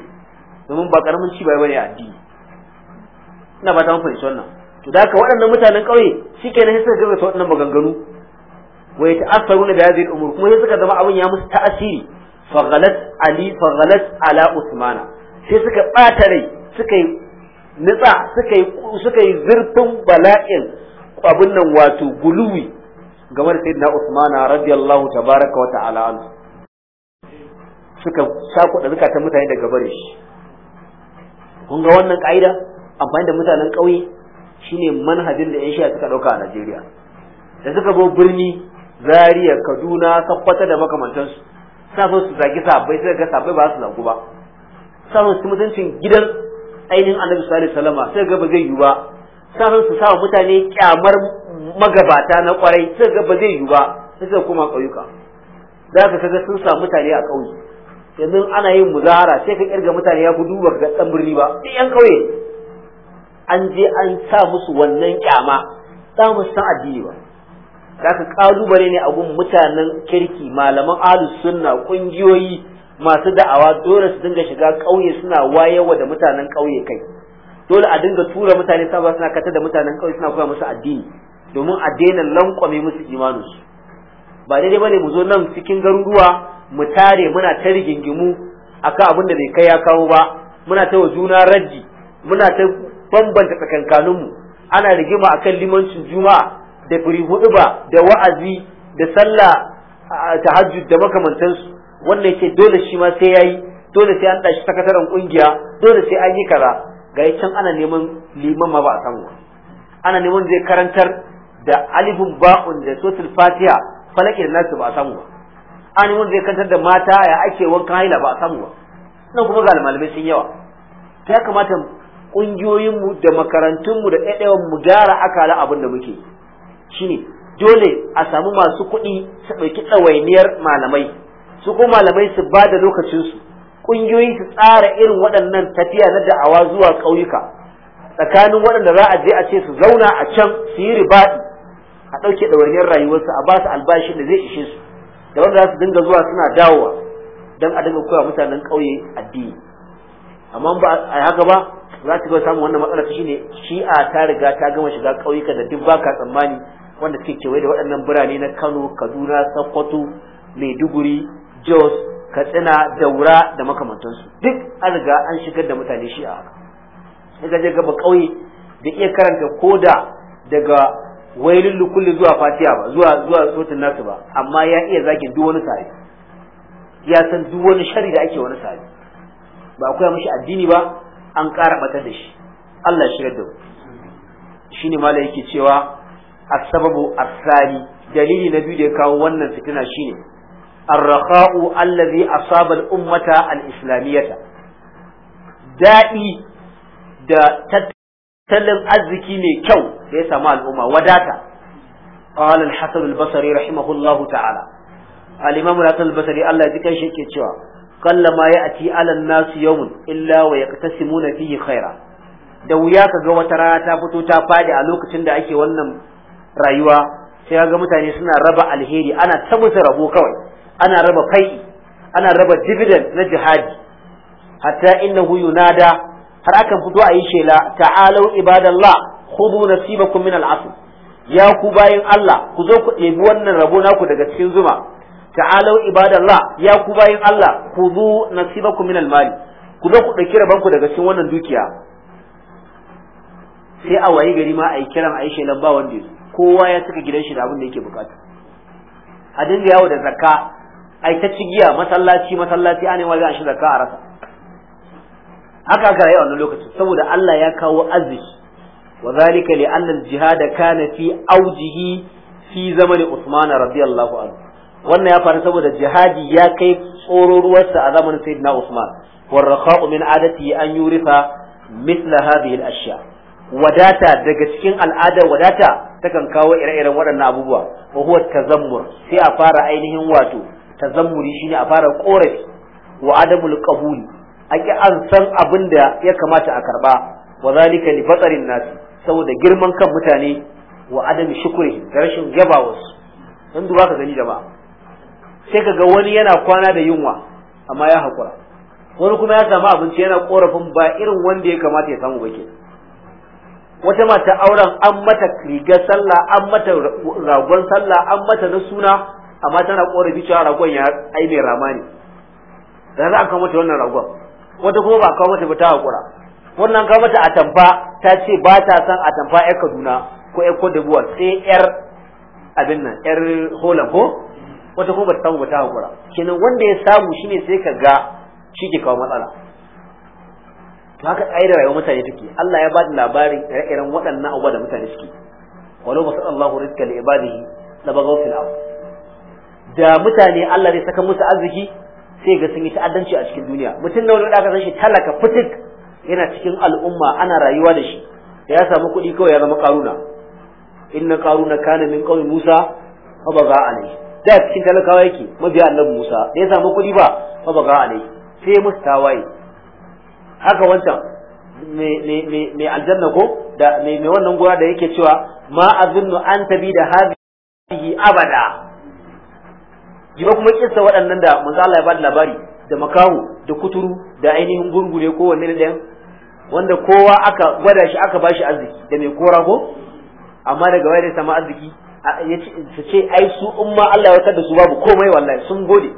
domin ba karamin ci bai bane addini ina ba ta mun fahimci wannan to da haka waɗannan mutanen kauye shikenan sai suka gaza waɗannan maganganu wa yata'assaru da hadhihi al'umur kuma sai suka zama abin ya musu ta'asiri faghalat ali faghalat ala usmana sai suka bata rai suka yi nitsa suka yi suka yi zurfin bala'in abin nan wato guluwi game da sayyidina usmana radiyallahu tabaraka wa ta'ala an suka sakuɗa zukatan mutane daga bare shi kun ga wannan ka'ida amfani da mutanen ƙauye shine manhajin da yan shiya suka ɗauka a Najeriya da suka zo birni Zaria Kaduna Sokoto da makamantansu safin su zagi sahabbai sai ga sahabbai ba su zagu ba safin su mutuncin gidan ainihin annabi sallallahu alaihi wasallam sai ga ba zai yiwu ba safin su sawa mutane kyamar magabata na kwarai sai ga ba zai yiwu ba sai su koma kauyuka za ka kaga sun sa mutane a kauye yanzu ana yin muzahara sai ka kirga mutane ya gudu ba ga dan birni ba sai yan ƙauye an je an sa musu wannan kyama sa musu san addini ba zaka kalubale ne a gun mutanen kirki malaman ahli sunna kungiyoyi masu da'awa dole su dinga shiga kauye suna wayewa da mutanen ƙauye kai dole a dinga tura mutane saboda suna kata da mutanen ƙauye suna koya musu addini domin a daina lankwame musu imaninsu ba daidai bane mu zo nan cikin garuruwa mu tare muna ta rigingimu akan abin da bai kai ya kawo ba muna ta wa juna raji muna ta bambanta tsakankaninmu ana rigima akan limancin juma'a da biri ba da wa'azi da sallah tahajjud da makamantansu wannan yake dole shi ma sai yayi dole sai an ɗashi sakataren ƙungiya dole sai an yi kaza ga can ana neman liman ma ba a samu ana neman zai karantar da alifin ba'un da sotul fatiha falake da nasu ba a samu ba ana neman zai karantar da mata ya ake wankan haila ba a samu ba nan kuma ga malamai sun yawa ta ya kamata ƙungiyoyinmu da makarantunmu da ɗaiɗaiwan mu gyara akala abin da muke shine dole a samu masu kuɗi su ɗauki ɗawainiyar malamai su kuma malamai su ba da lokacinsu ƙungiyoyi su tsara irin waɗannan tafiya na da'awa zuwa ƙauyuka tsakanin waɗanda za a je a ce su zauna a can su yi ribaɗi a ɗauke ɗawainiyar rayuwarsu a basu su albashin da zai ishe su da wanda za su dinga zuwa suna dawowa don a dinga koya mutanen ƙauye addini amma ba a haka ba za su ga samun wannan matsalar shine shi'a ta riga ta gama shiga ƙauyuka da duk baka tsammani wanda suke kewaye da waɗannan birane na Kano, Kaduna, Sokoto, Maiduguri, Jos, Katsina, Daura da makamantansu. Duk an riga an shigar da mutane shi a haka. Daga je gaba ƙauye da iya karanta koda daga wailin lukulli zuwa fatiha ba zuwa zuwa sotin nasu ba amma ya iya zagin duk wani sare ya san duk wani shari da ake wani sare ba akwai mishi addini ba an ƙara batar da shi Allah shi da mu ne mala yake cewa as-sababu dalili na biyu da ya kawo wannan fitina shine ar-rakha'u allazi asaba al-ummata al islamiyyata da'i da tattalin arziki mai kyau da ya samu al'umma wadata qala al-hasan al-basri rahimahullahu ta'ala al-imam al-hasan al-basri Allah ya kai shi yake cewa kallama ya'ti 'ala an-nas yawmun illa wa yaqtasimuna fihi khaira da wuya kaga wata rana ta fito ta fadi a lokacin da ake wannan rayuwa sai ga mutane suna raba alheri ana ta musu rabo kawai ana raba fai ana raba dividend na jihadi hatta innahu yunada har akan fito a yi shela ta'alau ibadallah khudu nasibakum min al'asr ya ku bayin Allah ku zo ku ɗebi wannan rabo naku daga cikin zuma ta'alau ibadallah ya ku bayin Allah zo nasibakum min al-mali ku zo ku ɗauki rabanku daga cikin wannan dukiya sai a wayi gari ma a yi kiran a yi shelan ba wanda ya kowa ya saka gidan shi da abin da yake bukata a dinga yawo da zakka ai ta cigiya masallaci masallaci ana yawa an shi zakka a rasa haka aka rayu a wannan lokacin saboda Allah ya kawo arziki wa zalika li anna al-jihad kana fi awjihi fi zamani Usman radiyallahu anhu wannan ya faru saboda jihadi ya kai tsororuwarsa a zamanin Sayyidina Usman والرخاء adati an أن يورث مثل هذه الأشياء wadata daga cikin al'adar wadata takan kawo ire-iren waɗannan abubuwa fa huwa tazammur sai a fara ainihin wato tazammuri shine a fara korafi wa adamul a ake an san abin da ya kamata a karba wa zalika li batsarin nasi saboda girman kan mutane wa Adamu shukuri da rashin yaba wasu dan duba ka gani jama'a sai ga wani yana kwana da yunwa amma ya haƙura, wani kuma ya samu abinci yana korafin ba irin wanda ya kamata ya samu ba kenan wata mata auren an mata rigar sallah an mata ragon sallah an mata na suna amma tana korafi cewa ragon ya ai mai rama ne da za a kawo mata wannan ragon wata kuma ba a kawo mata ba ta hakura wannan kawo mata atamfa ta ce ba ta san atamfa yar kaduna ko yar kodabuwa d'ivoire sai yar abin nan yar holland ko wata kuma ba ta samu ba ta hakura kenan wanda ya samu shine sai ka ga shi ke kawo matsala to haka ƙa'idar rayuwar mutane take Allah ya ba da labarin ire-iren waɗannan abubuwa da mutane suke walau ba Allahu rizqa li ibadihi la bagaw fil ard da mutane Allah zai saka musu arziki sai ga sun yi ta'addanci a cikin duniya mutum na wani da aka san shi talaka fitik yana cikin al'umma ana rayuwa da shi da ya samu kuɗi kawai ya zama karuna inna karuna kana min qaumi Musa fa baga alai da cikin talakawa yake mabiya annabi Musa da ya samu kuɗi ba fa baga alai sai musu tawaye haka wancan mai aljanna ko da mai wannan gura da yake cewa ma azunnu an tabi da hadhihi abada jiba kuma kissa waɗannan da manzo Allah ya bada labari da makahu da kuturu da ainihin gurgure ko wanne da wanda kowa aka gwada shi aka bashi arziki da mai kora ko amma daga waye da sama arziki su ce ai su umma Allah ya warkar da su babu komai wallahi sun gode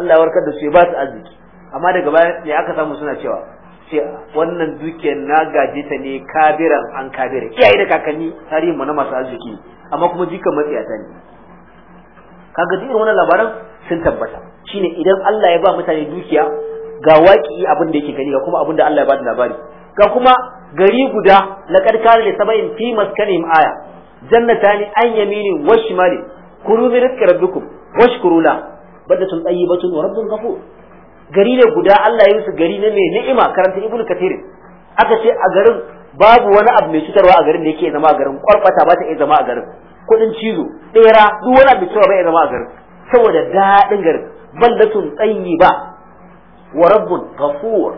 Allah ya warkar da su ya ba su arziki amma daga baya ne aka samu suna cewa ce wannan dukiyar na gaje ta ne kabiran an kabira iyaye da kakanni tarihin mu na masu arziki amma kuma jikan ta ne kaga duk wannan labaran sun tabbata shine idan Allah ya ba mutane dukiya ga waki abin da yake gani ga kuma abin da Allah ya ba da labari ga kuma gari guda laqad kana li sab'in fi maskanihim aya jannatani an yamini wa shimali kulu bi rizqi rabbikum washkuru la badatun tayyibatu wa rabbun ghafur gari ne guda Allah ya musu gari ne mai ni'ima karanta ibnu kathir aka ce a garin babu wani abu mai cutarwa a garin da yake zama a garin kwarkwata ba ta iya zama a garin kudin cizo tsera duk wani abu cewa ya zama a garin saboda daɗin garin ballatun tsayi ba wa rabbun ghafur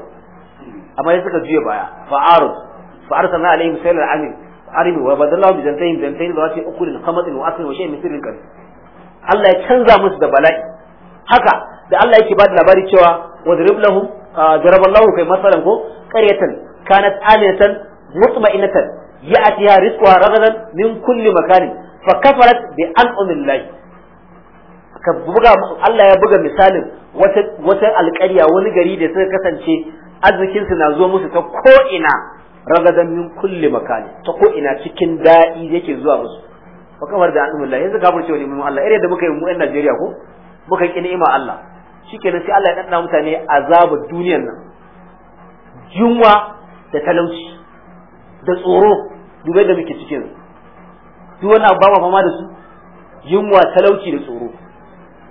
amma ya suka juya baya fa'aru fa'arsalna alaihim sayyidal Amin arimi wa badallahu bi zantayn zantayn da ce ukulin khamat wa asrin wa shay'in min sirrin Allah ya canza musu da bala'i haka da Allah yake ba da labari cewa wadrib lahum daraballahu kai masalan ko qaryatan kanat aminatan mutma'inatan ya'tiha rizquha ragadan min kulli makanin fa kafarat bi an'amillahi ka buga Allah ya buga misalin wata wata alƙarya wani gari da suka kasance arzikin na zo musu ta ko'ina ina ragadan min kulli makanin ta ko'ina cikin da'i yake zuwa musu fa kamar da an'amillahi yanzu kafirce wani mu Allah irin da muka yi mu 'yan Najeriya ko muka ki ima Allah shi kenan sai Allah ya danna mutane azabar duniyar nan yunwa da talauci da tsoro duk da muke cikin duk wani abu ba fama da su yunwa talauci da tsoro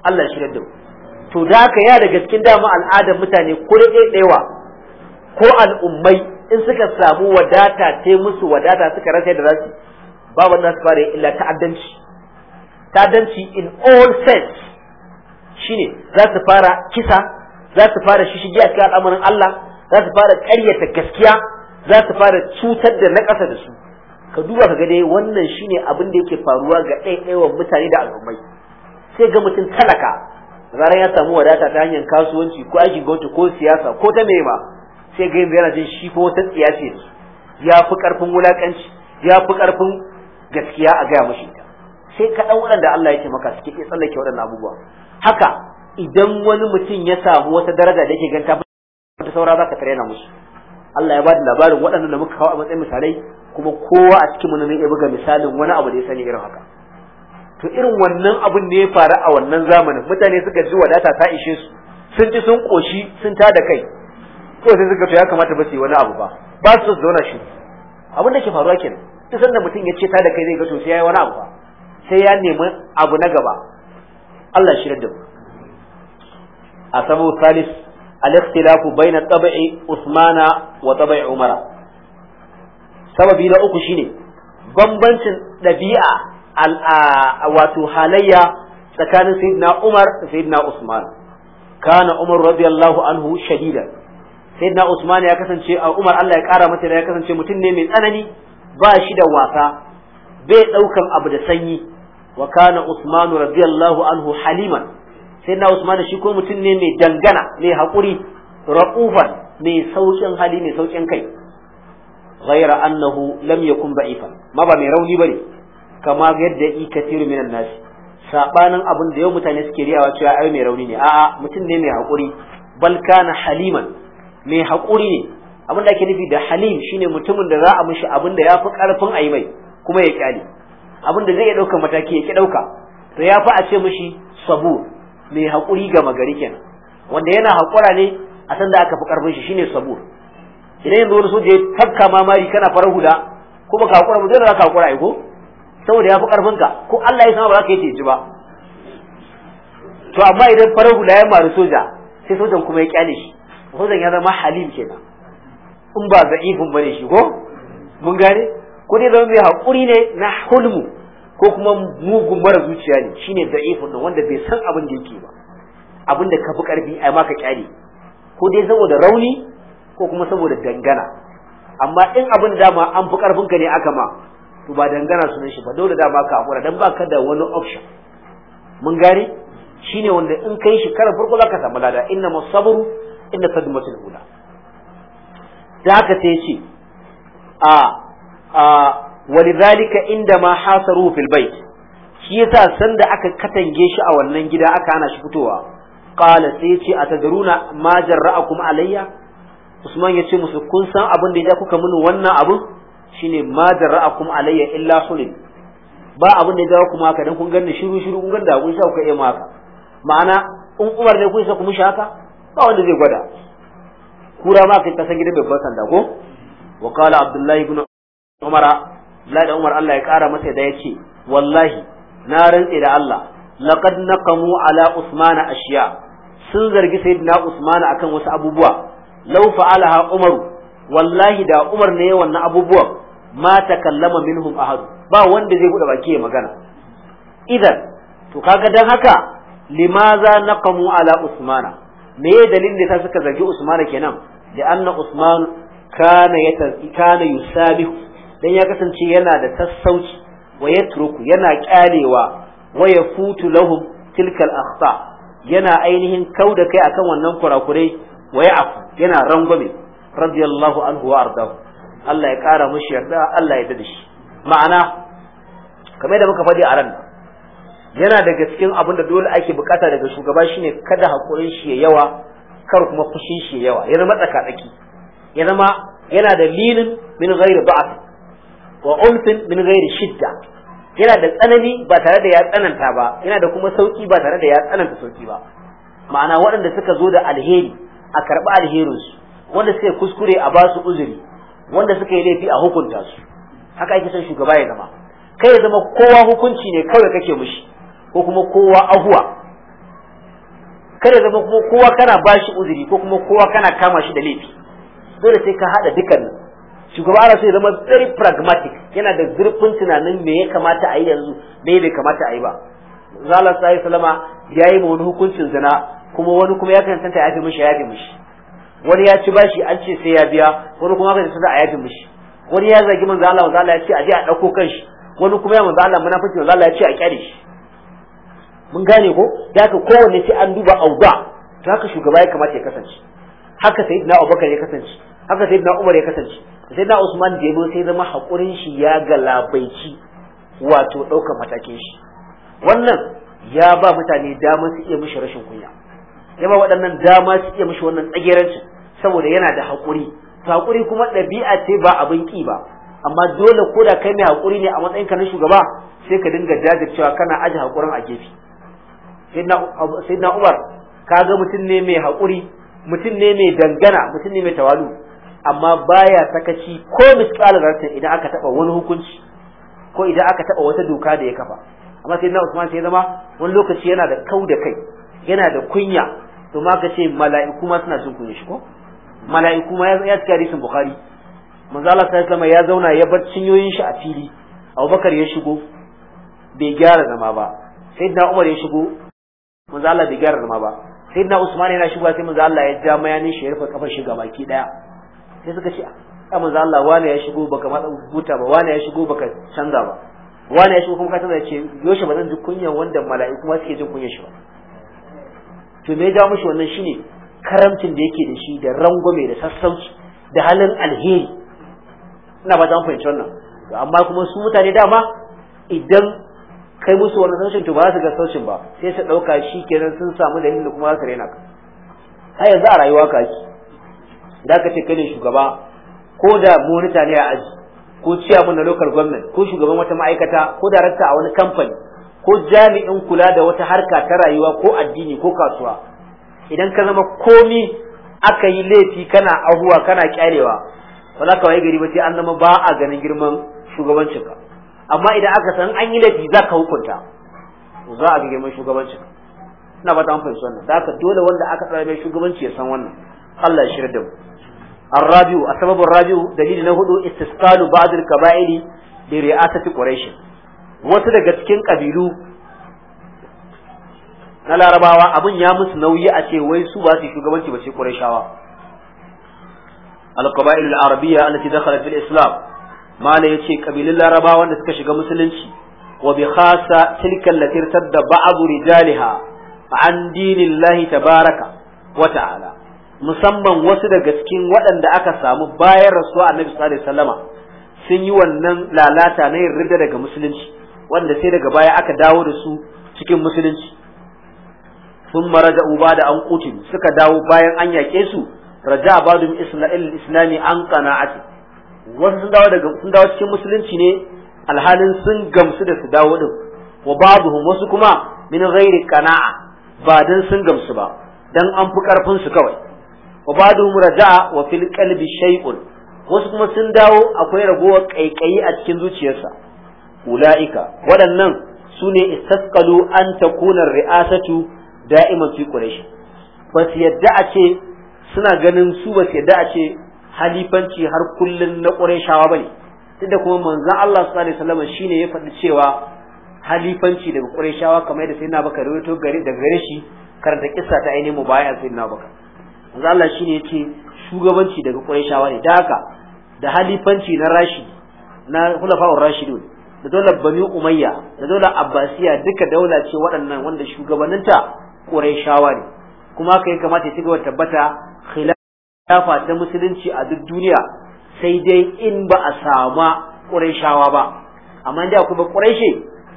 Allah ya shirya da to da haka ya daga cikin dama al'adar mutane ko da ɗaiɗaiwa ko al'ummai in suka samu wadata ta musu wadata suka rasa da zasu ba wannan su fara illa ta'addanci ta'addanci in all sense shine za su fara kisa za su fara shishigi a cikin al'amarin Allah za su fara ƙaryata gaskiya za su fara cutar da na ƙasa da su ka duba ka ga dai wannan shine abin da yake faruwa ga ɗaiɗaiwan mutane da al'ummai sai ga mutum talaka zaran ya samu wadata ta hanyar kasuwanci ko aikin gwamnati ko siyasa ko ta me ma sai ga yana jin shi ko wata tsiya ya fi ƙarfin wulaƙanci ya fi ƙarfin gaskiya a gaya mashi sai ka ɗan waɗanda Allah ya taimaka suke iya tsallake waɗannan abubuwa haka idan wani mutum ya samu wata daraja da yake ganta ta saura za ka tare na musu Allah ya ba da labarin waɗannan da muka kawo a matsayin misalai kuma kowa a cikin mun ya buga misalin wani abu da ya sani irin haka to irin wannan abun ne ya faru a wannan zamanin mutane suka ji wadata ta ishe su sun ji sun koshi sun tada kai ko sai suka to ya kamata ba su yi wani abu ba ba su zauna shi abin da ke faruwa kenan duk sanda mutum ya ce tada kai zai ga to sai ya yi wani abu ba sai ya nemi abu na gaba Allah shi da mu a sabo salis al-ikhtilafu bayna tab'i usmana wa tab'i umara sababi na uku shine bambancin dabi'a wato halayya tsakanin sayyidina Umar da sayyidina Usman kana Umar radiyallahu anhu shadida sayyidina Usman ya kasance a Umar Allah ya kara masa ya kasance mutum ne mai tsanani ba shi da wasa bai daukan abu da sanyi wa kana Usman radiyallahu anhu haliman sai na Usman shi ko mutum ne mai dangana mai hakuri raqufan mai saukin hali mai saukin kai ghaira annahu lam yakun ba'ifan ma ba mai rauni bane kama yadda yi katiru minan nas sabanin abin da yau mutane suke riyawa cewa ai mai rauni ne a'a mutum ne mai hakuri bal kana haliman mai hakuri ne abin da ake nufi da halim shine mutumin da za a mishi abin da yafi karfin ayi mai kuma ya kyale abin da zai iya ɗaukar mataki ya ɗauka to ya fi a ce mishi sabu mai haƙuri ga magari kenan wanda yana haƙura ne a san da aka fi ƙarfin shi shine sabu idan yanzu wani soja ya tafka mamari kana farar huda ko baka haƙura ba dole za ka haƙura ai ko saboda ya fi ƙarfin ka ko Allah ya san ba za ka yi teji ba to amma idan farar huda ya mari soja sai sojan kuma ya kyale shi sojan ya zama halim kenan in ba za'ifin bane shi ko mun gane ko dai zama mai haƙuri ne na hulmu ko kuma mugun mara zuciya ne shine da'ifun nan wanda bai san abin da yake ba abin da kafi karfi ai ma ka kyale ko dai saboda rauni ko kuma saboda dangana amma in abin da dama an fi karfin ka ne aka ma to ba dangana sunan shi ba dole dama ka hakura dan baka da wani option mun gane shine wanda in kai shi karan farko zaka samu lada inna musabru inna sadmatul ula da haka sai ce a walidhalika inda ma hasaru fil bait shi yasa sanda aka katange shi a wannan gida aka hana shi fitowa qala sai yace atadruna ma jarra'akum alayya usman yace musu kun san abin da ya kuka mini wannan abu shine ma jarra'akum alayya illa hulil ba abin da ya kuka ma ka dan kun ganni shiru shiru kun ganda kun sa kuka iya maka. ma'ana in umar ne kun sa ku mushi haka ba wanda zai gwada kura ma kai kasan gidan babban sanda ko wa qala abdullahi ibn umara da Umar Allah ya kara masa da yace wallahi na rantse da Allah laqad naqamu ala Usman ashiya sun zargi sayyidina Usman akan wasu abubuwa laufa fa'alaha Umar wallahi da Umar ne wannan abubuwan ma kallama minhum ahad ba wanda zai bude baki ya magana idan to kaga dan haka limaza naqamu ala Usman me dalilin da suka zargi Usman kenan da anna Usman kana kana yusabihu dan ya kasance yana da tassauci wa yatruku yana kyalewa wa futu lahum tilkal akhta yana ainihin da kai akan wannan kurakurai wa ya'fu yana rangwame radiyallahu anhu wa arda Allah ya kara mushi yarda Allah ya dade shi ma'ana kamar da muka fadi a ran yana daga cikin abin da dole ake bukata daga shugaba shine kada hakurin shi ya yawa kar kuma fushin shi ya yawa ya zama tsakatsaki ya zama yana da lilin min ghairi ba'at wa ulfin min ghairi shidda yana da tsanani ba tare da ya tsananta ba yana da kuma sauki ba tare da ya tsananta sauki ba ma'ana waɗanda suka zo da alheri a karɓi alherinsu wanda suka kuskure a basu uzuri wanda suka yi laifi a hukunta su haka ake son shugaba ya zama kai ya zama kowa hukunci ne kawai kake mushi ko kuma kowa ahuwa kada zama kuma kowa kana bashi uzuri ko kuma kowa kana kama shi da laifi dole sai ka haɗa dukkanin shugaba ana so ya zama very pragmatic yana da zurfin tunanin me ya kamata a yi yanzu me bai kamata a yi ba zala sai salama ya yi ma wani hukuncin zina kuma wani kuma ya kanta ya yafi mishi ya yafi mishi wani ya ci bashi an ce sai ya biya wani kuma ya tantance a yafi mishi wani ya zagi manzo Allah manzo Allah ya ce a je a dauko kanshi wani kuma ya manzo Allah munafiki manzo Allah ya ce a kyale shi mun gane ko da ka kowanne sai an duba auda to haka shugaba ya kamata ya kasance haka sayyidina Abubakar ya kasance haka sayyidina Umar ya kasance sai na Usman da yabo sai zama haƙurin shi ya galabaici wato ɗaukar matakin shi wannan ya ba mutane dama su iya mishi rashin kunya ya ba waɗannan dama su iya mishi wannan tsageranci saboda yana da hakuri haƙuri kuma ɗabi'a ce ba abin ƙi ba amma dole ko da kai mai haƙuri ne a matsayin ka na shugaba sai ka dinga jajircewa kana aje haƙurin a gefe Sai na Umar ka ga mutum ne mai haƙuri, mutum ne mai dangana mutum ne mai tawalu amma baya sakaci ko misqal zartin idan aka taba wani hukunci ko idan aka taba wata doka da ya kafa amma sai na Usman sai zama wani lokaci yana da kau da kai yana da kunya to ma ka ce mala'iku ma suna sun kunya shi ko mala'iku ma ya tsaya hadisin Bukhari manzo Allah sallallahu ya zauna ya bar cinyoyin shi a fili Abubakar ya shigo bai gyara zama ba sayyidina Umar ya shigo manzo Allah bai gyara zama ba sayyidina Usman yana shigo sai manzo Allah ya ja mayanin shi ya rufe kafar shi gaba baki daya sai suka ce a ah, manzo Allah wane ya shigo baka ma huta ba wane ya shigo baka canza ba wane ya shigo kuma ka canza ce yoshe ba zan ji kunyan wanda mala'iku ma suke jin kunya shi ba to me ya jawo mishi wannan shine karamcin da yake da shi da rangwame da sassauci da halin alheri ina ba ta fahimci wannan to amma kuma su mutane dama idan kai musu wannan sassauci to ba za su ga sassaucin ba sai su ɗauka shi kenan sun samu dalilin kuma za su rena ka har yanzu a rayuwa ka ake da aka ce kai ne shugaba ko da mu ne a aji ko ciyaman na local government ko shugaban wata ma'aikata ko darakta a wani kamfani ko jami'in kula da wata harka ta rayuwa ko addini ko kasuwa idan ka zama komi aka yi laifi kana ahuwa kana kyarewa ba za ka waye gari ba sai an zama ba a ganin girman shugabancinka amma idan aka san an yi laifi za ka hukunta za a ga girman shugabancinka ina ba ta an fahimci wannan da aka dole wanda aka tsara mai shugabanci ya san wannan Allah ya shirya da mu الرابع السبب الرابع دليل نهدو استثقال بعض الكبائر لرئاسة قريش wasu daga cikin ƙabilu na larabawa abin ya musu nauyi a ce wai su ba su shugabanci ba sai qurayshawa al-qaba'il al-arabiyya allati dakhalat fil islam mala yace ƙabilun larabawa wanda suka shiga musulunci wa bi khassa tilka allati irtadda ba'd rijaliha an dinillahi tabaraka wa ta'ala musamman wasu daga cikin waɗanda aka samu bayan rasuwa annabi sallallahu alaihi wasallama sun yi wannan lalata na yarda daga musulunci wanda sai daga baya aka dawo da su cikin musulunci sun maraja uba da an kutin suka dawo bayan an yaƙe su raja abadun isla'il islami an qana'ati wasu sun dawo daga sun dawo cikin musulunci ne alhalin sun gamsu da su dawo din wa babuhum wasu kuma min ghairi qana'a ba dan sun gamsu ba dan an fi karfin su kawai wa ba'du raja'a wa fil qalbi shay'un wasu kuma sun dawo akwai ragowar kaikayi a cikin zuciyarsa ulaika waɗannan su ne istasqalu an takuna ri'asatu da'iman fi quraish ba su yadda a ce suna ganin su ba su yadda a ce halifanci har kullun na qurayshawa bane tunda kuma manzon Allah sallallahu alaihi wasallam shine ya faɗi cewa halifanci daga qurayshawa kamar yadda sayyidina Bakar rawaito gare da gare shi karanta kissa ta ainihin sai sayyidina Bakar manzo Allah shine yace shugabanci daga Qurayshawa ne da haka da halifanci na Rashid na Khulafa'ur Rashidun da daular Bani Umayya da daular Abbasiya duka daula ce waɗannan wanda shugabanninta Qurayshawa ne kuma kai kamata ya cigaba tabbata khilafa ta musulunci a duk duniya sai dai in ba a sama Qurayshawa ba amma da ba Qurayshi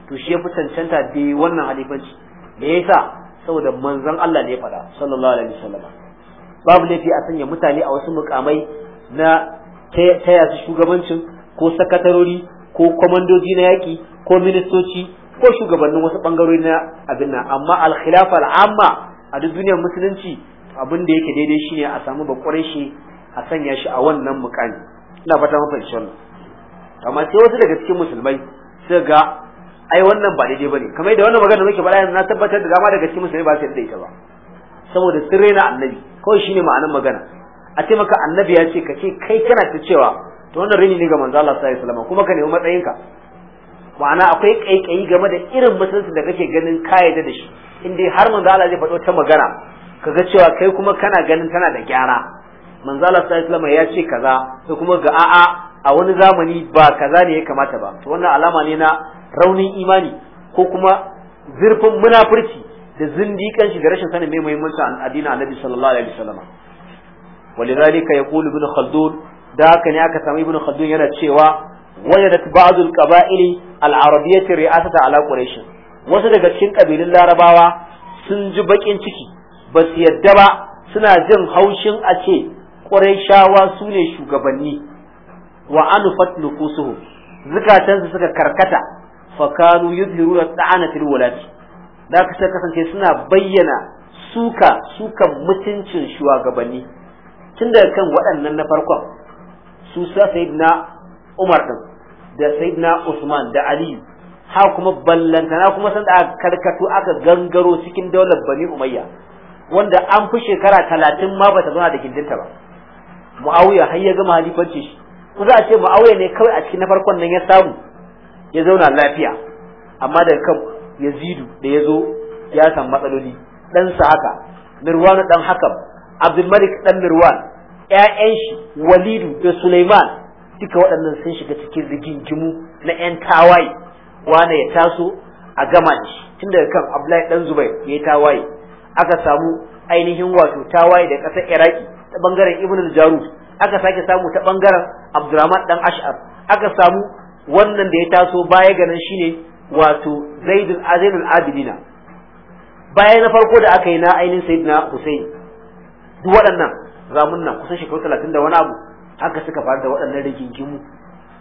to shi ya fi cancanta da wannan halifanci me yasa saboda manzan Allah ne ya faɗa sallallahu alaihi wasallam babu laifi a sanya mutane a wasu mukamai na taya su shugabancin ko sakatarori ko kwamandoji na yaƙi ko ministoci ko shugabannin wasu ɓangarori na abin nan amma alkhilafa al'amma a duk duniyar musulunci abin da yake daidai shine a samu bakwarai shi a sanya shi a wannan mukami ina fata mafi shi wannan amma sai wasu daga cikin musulmai sai ga ai wannan ba daidai bane kamar da wannan magana muke faɗa yanzu na tabbatar da dama daga cikin musulmai ba sai da ita ba saboda sun na annabi kawai shine ma'anar magana a ce maka annabi ya ce kace kai kana ta cewa to wannan rini ne ga manzo Allah sallallahu alaihi wasallam kuma ka nemi matsayinka ma'ana akwai kaikayi game da irin mutuncin da kake ganin kayyade da shi inda har manzo Allah zai faɗo ta magana kaga cewa kai kuma kana ganin tana da gyara manzo Allah sallallahu alaihi wasallam ya ce kaza to kuma ga a'a a wani zamani ba kaza ne ya kamata ba to wannan alama ne na raunin imani ko kuma zurfin munafurci da zindikan shi da rashin sanin mai muhimmancin addinin annabi sallallahu alaihi wasallam ولذلك يقول ابن خلدون ne aka سامي ابن خلدون yana cewa wajadat ba'd al-qaba'il al-arabiyyah ri'asata ala quraish wasu daga cikin kabilun larabawa sun ji bakin ciki ba su yadda ba suna jin haushin a ce quraishawa su ne shugabanni wa anufat nufusuhum zukatansu suka karkata fakanu yuzhiruna ta'ana fil walati da aka sai kasance suna bayyana suka sukan mutuncin shugabanni tun daga kan waɗannan na farkon su sa na Umar din da na Usman da Ali ha kuma ballantana kuma san da aka aka gangaro cikin daular Bani Umayya wanda an fi shekara talatin ma bata zauna da gindinta ba Muawiya har ya gama halifanci shi ko za a ce Muawiya ne kawai a cikin na farkon nan ya samu ya zauna lafiya amma daga kan yazidu da ya zo ya samu matsaloli ɗansa haka mirwanu ɗan hakam abdulmalik ɗan mirwan ƴaƴan shi walidu da suleiman duka waɗannan sun shiga cikin rigingimu na ƴan tawaye wane ya taso a gama shi tun daga kan abdullahi ɗan zubair ya yi tawaye aka samu ainihin wato tawaye da ƙasar iraki ta ɓangaren ibn jarud aka sake samu ta ɓangaren Abdulrahman ɗan ash'ar aka samu wannan da ya taso baya ganin shine wato zaidul azinul abidina bayan na farko da aka yi na ainihin sayyidina Hussein, duk waɗannan ramun nan kusan shekaru talatin da wani abu haka suka faru da waɗannan rigingimu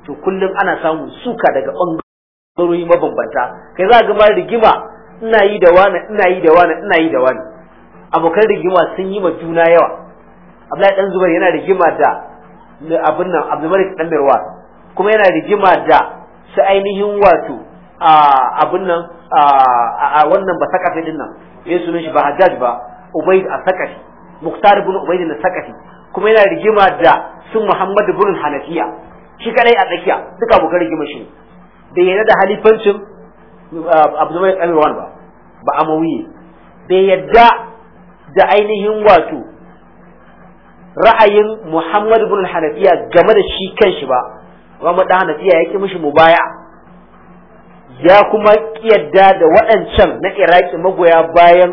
to kullum ana samun suka daga ɓangarori mabambanta kai za ga ma rigima ina yi da wani ina yi da wani ina yi da wani abokan rigima sun yi ma juna yawa Abdullahi dan Zubair yana rigima da abin nan Abdulmalik dan kuma yana rigima da su ainihin wato abin nan a wannan ba sakafi din nan ya eh, sunan shi ba hajjaj ba ubaid a sakafi muktar ibn ubaid na sakafi kuma yana rigima da sun muhammad ibn hanafiya shi kadai a tsakiya duka abokan rigima shi da yarda da halifancin abdullahi alwan ba ba amawiye da yarda da ainihin wato ra'ayin muhammad ibn hanafiya game da shi kanshi ba mu dan Hanafiya ya mishi mubaya ya kuma kiyarda da waɗancan na iraki magoya bayan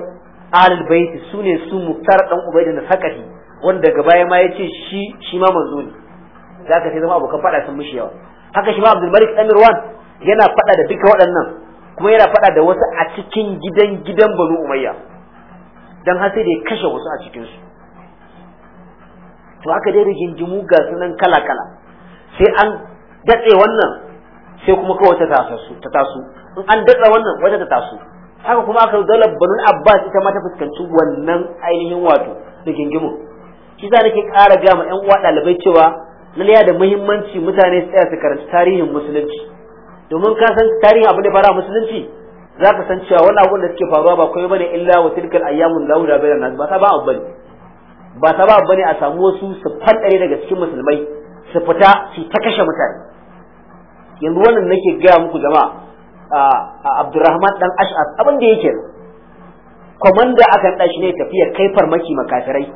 alal baiti su ne su muktar dan ubaidin da wanda daga baya ma yace shi shi ma manzo ne Za ka sai zama abokan faɗa sun mishi yawa haka shi ma abdul malik dan yana faɗa da duka waɗannan kuma yana faɗa da wasu a cikin gidan gidan banu umayya dan har da ya kashe wasu a cikinsu. to aka dai jimu ga sunan kala kala sai an datse wannan sai kuma kawai ta taso ta taso in an datsa wannan wata ta taso haka kuma aka daular banun abbas ita ma ta fuskanci wannan ainihin wato gingimu shi za nake ƙara ga ma 'yan uwa ɗalibai cewa lalle da muhimmanci mutane su tsaya su karanta tarihin musulunci domin ka san tarihin abin da fara musulunci za ka san cewa wani abin da suke faruwa ba kai bane illa wa tilkal ayyamun dawuda da nas ba sabon abu bane ba sabon bane a samu wasu su faɗare daga cikin musulmai su fita su ta kashe mutane yanzu wannan nake gaya muku jama'a a Abdurrahman dan ash'ar abin da yake komanda aka ɗashi ne tafiya kai farmaki makafirai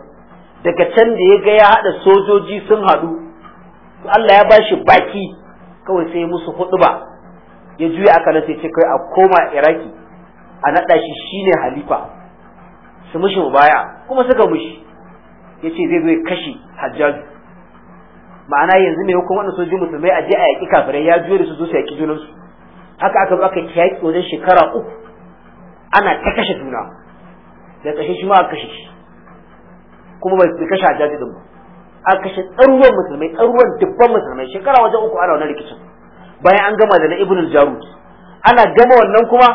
daga can da ya ga ya haɗa sojoji sun haɗu Allah ya bashi baki kawai sai musu hudu ba ya juya aka nace ce kai a koma Iraki a naɗa shi shine halifa su mushi baya kuma suka mushi yace zai zo ya kashe Hajjaju ma'ana yanzu ne hukun wannan sojin musulmai a je a yaƙi kafirai ya juyo da su zuwa yaƙi junansu haka aka zo aka yaƙi wajen shekara uku ana ta kashe juna da kashe shi ma aka kashe shi kuma bai kashe a din ba aka kashe ɗaruruwan musulmai ɗaruruwan dubban musulmai shekara wajen uku ana wannan rikicin bayan an gama da na ibn jarud ana gama wannan kuma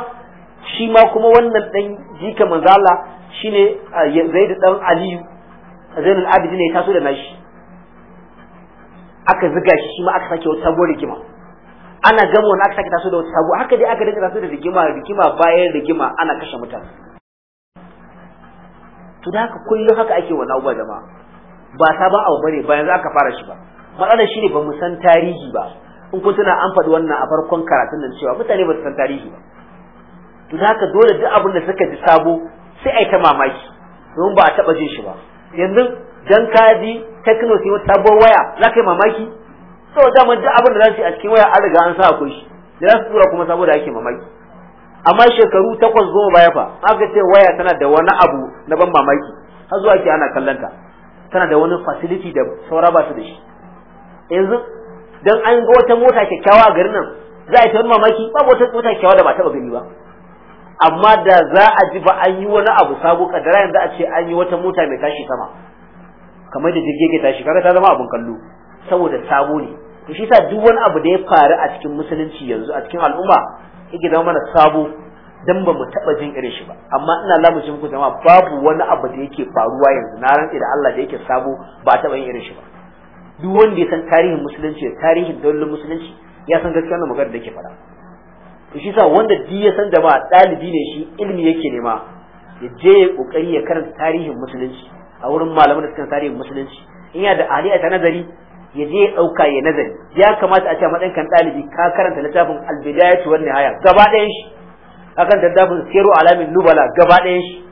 shi ma kuma wannan dan jika manzala shine da dan aliyu zainul abidin ya taso da nashi aka ziga shi shi ma aka sake wata sabuwar rigima ana gama wani aka sake taso da wata sabuwa haka dai aka dinga taso da rigima rigima bayan rigima ana kashe mutane to da haka kullum haka ake wannan abubuwa jama'a ba sabon abu bane bayan za aka fara shi ba matsalar shine ba mu san tarihi ba in kun tuna an faɗi wannan a farkon karatun nan cewa mutane ba su san tarihi ba to da haka dole duk abin da suka ji sabo sai ai ta mamaki domin ba a taɓa jin shi ba yanzu dan ka ji techno sai wata sabuwar waya za ka yi mamaki so mun da abin da za su yi a cikin waya an riga an sa akwai shi da za su tura kuma saboda ake mamaki amma shekaru takwas goma baya fa aka ce waya tana da wani abu na ban mamaki har zuwa ke ana kallanta tana da wani facility da saura ba su da shi yanzu dan an ga wata mota kyakkyawa a garin nan za a yi ta wani mamaki babu wata mota kyakkyawa da ba taba gani ba amma da za a ji ba an yi wani abu sabo kadara yanzu a ce an yi wata mota mai tashi sama kamar da jirgi ke tashi kaga ta zama abun kallo saboda sabo ne to shi yasa duk wani abu da ya faru a cikin musulunci yanzu a cikin al'umma yake zama mana sabo dan ba mu taba jin irin shi ba amma ina ji ku jama'a babu wani abu da yake faruwa yanzu na rantsi da Allah da yake sabo ba taba yin irin shi ba duk wanda ya san tarihin musulunci tarihin dalilin musulunci ya san gaskiya na magana da yake faɗa to shi yasa wanda duk ya san jama'a ɗalibi ne shi ilimi yake nema ya je ya kokari ya karanta tarihin musulunci a wurin malaman da suka kare musulunci in ya da ahliya ta nazari ya je ya dauka ya nazari ya kamata a ce matsayin kan dalibi ka karanta littafin al-bidayatu wan nihaya gaba ɗayan shi akan littafin siru alamin nubala gaba ɗayan shi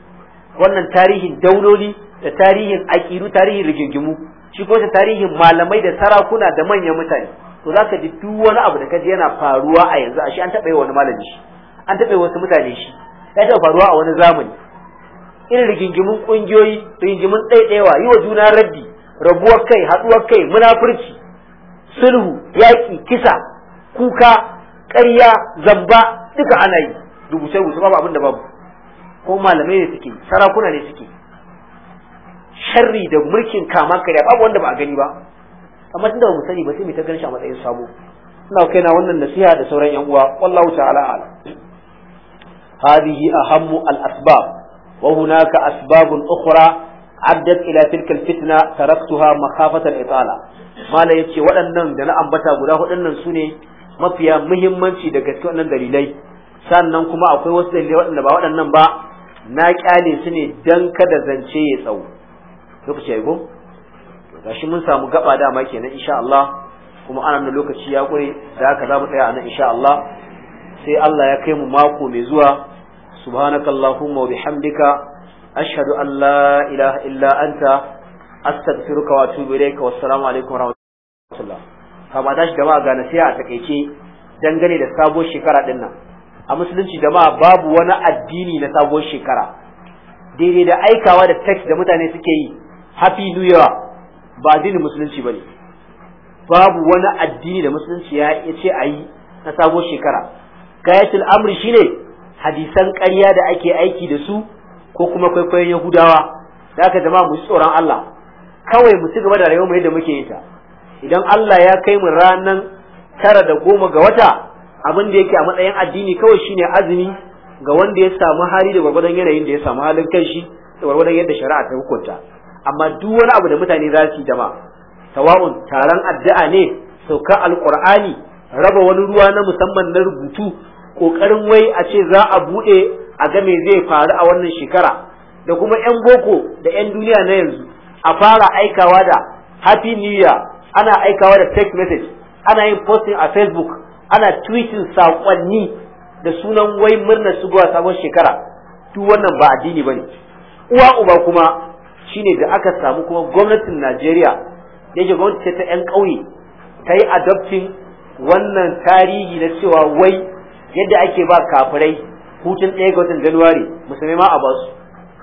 wannan tarihin dauloli da tarihin akiru tarihin rigingimu shi ko tarihin malamai da sarakuna da manyan mutane to zaka ji duk wani abu da kaji yana faruwa a yanzu a shi an taɓa yi wani malami shi an taɓa yi wasu mutane shi ya taɓa faruwa a wani zamani irin rigingimin kungiyoyi rigingimin ɗaiɗaiwa yi wa juna rabbi, rabuwar kai haɗuwar kai munafurci sulhu yaƙi kisa kuka ƙarya zamba duka ana yi rubuce rubuce babu abin da babu ko malamai ne suke sarakuna ne suke sharri da mulkin kama karya babu wanda ba a gani ba amma tunda ba mu sani ba sai mu ta ganin shi a matsayin sabo ina na wannan nasiha da sauran yan uwa wallahu ta'ala a'lam هذه أهم الأسباب وهناك أسباب أخرى addat ila tilkal fitna taraktuha makhafatan itala mala yace waɗannan da na ambata guda waɗannan sune mafiya muhimmanci daga cikin waɗannan dalilai sannan kuma akwai wasu dalilai waɗanda ba waɗannan ba na ƙyale su ne dan kada zance ya tsawo lokaci yayi go shi mun samu gaba dama kenan insha Allah kuma ana da lokaci ya kure da haka za mu tsaya a nan insha Allah sai Allah ya kai mu mako mai zuwa subhanakallahumma wa bihamdika ashhadu an la ilaha illa anta astaghfiruka wa atubu ilayka wassalamu alaikum wa rahmatullah kama dashi jama'a ga a takeice dangane da sabon shekara din nan a musulunci jama'a babu wani addini na sabon shekara daidai da aikawa da text da mutane suke yi happy new year ba addinin musulunci bane babu wani addini da musulunci ya ce a yi na sabuwar shekara gayatul amri shine hadisan ƙarya da ake aiki da su ko kuma kwaikwayon yahudawa da aka jama'a mu tsoron Allah kawai mu ci gaba da rayuwar mu yadda muke yi ta idan Allah ya kai mu ranan tara da goma ga wata abin da yake a matsayin addini kawai shine azumi ga wanda ya samu hali da gwargwadon yanayin da ya samu halin kanshi da gwargwadon yadda shari'a ta hukunta amma duk wani abu da mutane za su yi jama'a tawa'un taron addu'a ne sauka alqur'ani raba wani ruwa na musamman na rubutu ƙoƙarin wai a ce za a buɗe a ga me zai faru a wannan shekara da kuma 'yan boko da 'yan duniya na yanzu a fara aikawa da happy new year ana aikawa da text message ana yin posting a facebook ana tweeting saƙonni da sunan wai murnar shigowa sabon shekara duk wannan ba addini ba bane uwa uba kuma shine da aka samu kuma gwamnatin Najeriya yake gwamnati ta 'yan ƙauye ta yi adopting wannan tarihi na cewa wai yadda ake ba kafirai hutun ɗaya ga watan januwari musulmai ma a ba su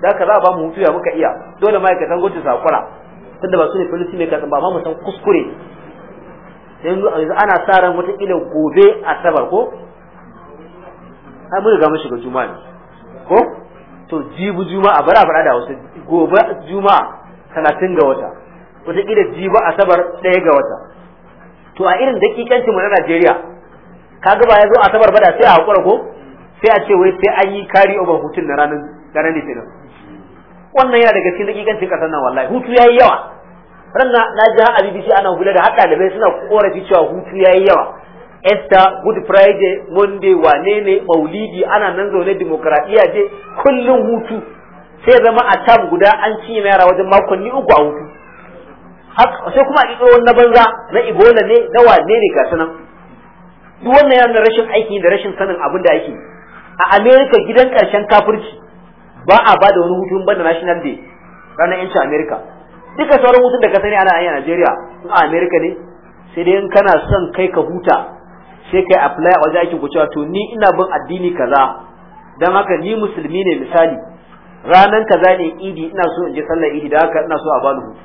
da ka za a ba mu hutu ya muka iya dole ma'aikatan gwajin sakura. tun tunda ba su ne filisti mai kasan ba ma mu san kuskure yanzu ana sa ran wataƙila gobe asabar ko ai mun riga shiga juma'a ne ko to jibu juma'a bara fara da wasu gobe juma'a talatin ga wata wataƙila jibu asabar ɗaya ga wata to a irin dakikanci mu na Najeriya kaga ba ya zo asabar Bada sai a hakura ko sai a ce wai sai an yi kari over hutun na ranar ranar litinin wannan yana daga cikin dakikancin kasar nan wallahi hutu yayi yawa ran na na ji a BBC ana hula da da bai suna korafi cewa hutu yayi yawa Esther Good Friday Monday wane ne Maulidi ana nan zaune demokradiya je kullun hutu sai zama a tam guda an ci yara wajen makonni uku a hutu sai kuma a ƙiƙo na banza na Ibola ne na wane ne ga sanan duk wannan yana rashin aiki da rashin sanin abin da ake a America gidan karshen kafirci ba a ba da wani hutun banda National Day ranar yancin America duka sauran hutun da ka sani ana yi a nigeria in a America ne sai dai in kana son kai ka huta sai kai apply a wajen aikin ku to ni ina bin addini kaza dan haka ni musulmi ne misali ranan kaza ne idi ina so in je sallar idi da haka ina so a bani hutu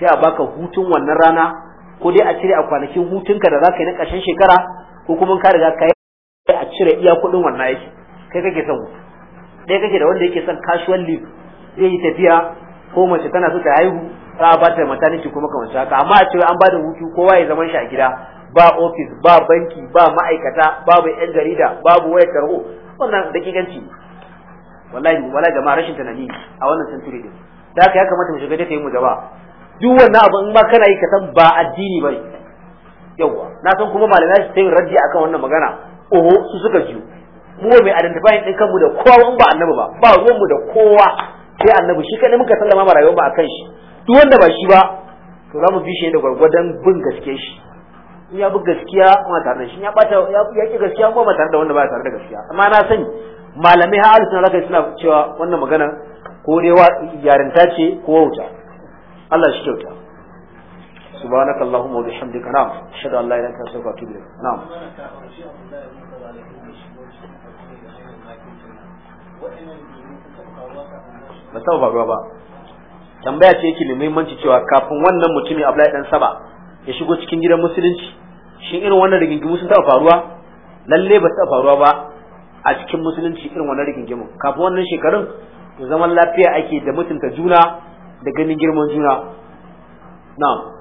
sai a baka hutun wannan rana ko dai a cire a kwanakin hutunka da zaka yi na ƙarshen shekara ko kuma ka riga ka yi a cire iya kuɗin wannan yake kai kake son ɗaya kake da wanda yake son casual lif. zai yi tafiya ko mace tana so ta haihu za a ba ta maternity kuma kamar haka amma a cewa an ba da hutu kowa ya zaman shi a gida ba ofis ba banki ba ma'aikata babu yan jarida babu wayar tarho wannan dakikanci wallahi wallahi jama'a rashin tunani a wannan century din da haka ya kamata mu shiga ta yi mu gaba duk wannan abu in ma kana yi ka san ba addini bane yawa na san kuma malamai su tayin raddi akan wannan magana oho su suka jiyo mu mai identify din kanmu da kowa ba annabi ba ba ruwan mu da kowa sai annabi shi kadai muka sallama ma rayuwar mu akan shi duk wanda ba shi ba to za mu bi shi da gwargwadon bin gaskiya shi in ya bi gaskiya kuma tare da shi ya bata ya ki gaskiya kuma tare da wanda ba tare da gaskiya amma na sani malamai har alisunan zaka suna cewa wannan magana ko dai yarinta ce ko wauta Allah shi kyauta سبحانك اللهم وبحمدك نعم اشهد ان لا اله الا انت استغفرك واتوب wa atubu ilaik na'am ba ta ba ba tambaya ce yake mai muhimmanci cewa kafin wannan mutumin Abdullahi dan Saba ya shigo cikin gidan musulunci shin irin wannan rigingimu sun taɓa faruwa lalle ba taɓa faruwa ba a cikin musulunci irin wannan rigingimu kafin wannan shekarun zaman lafiya ake da mutunta juna da ganin girman juna na'am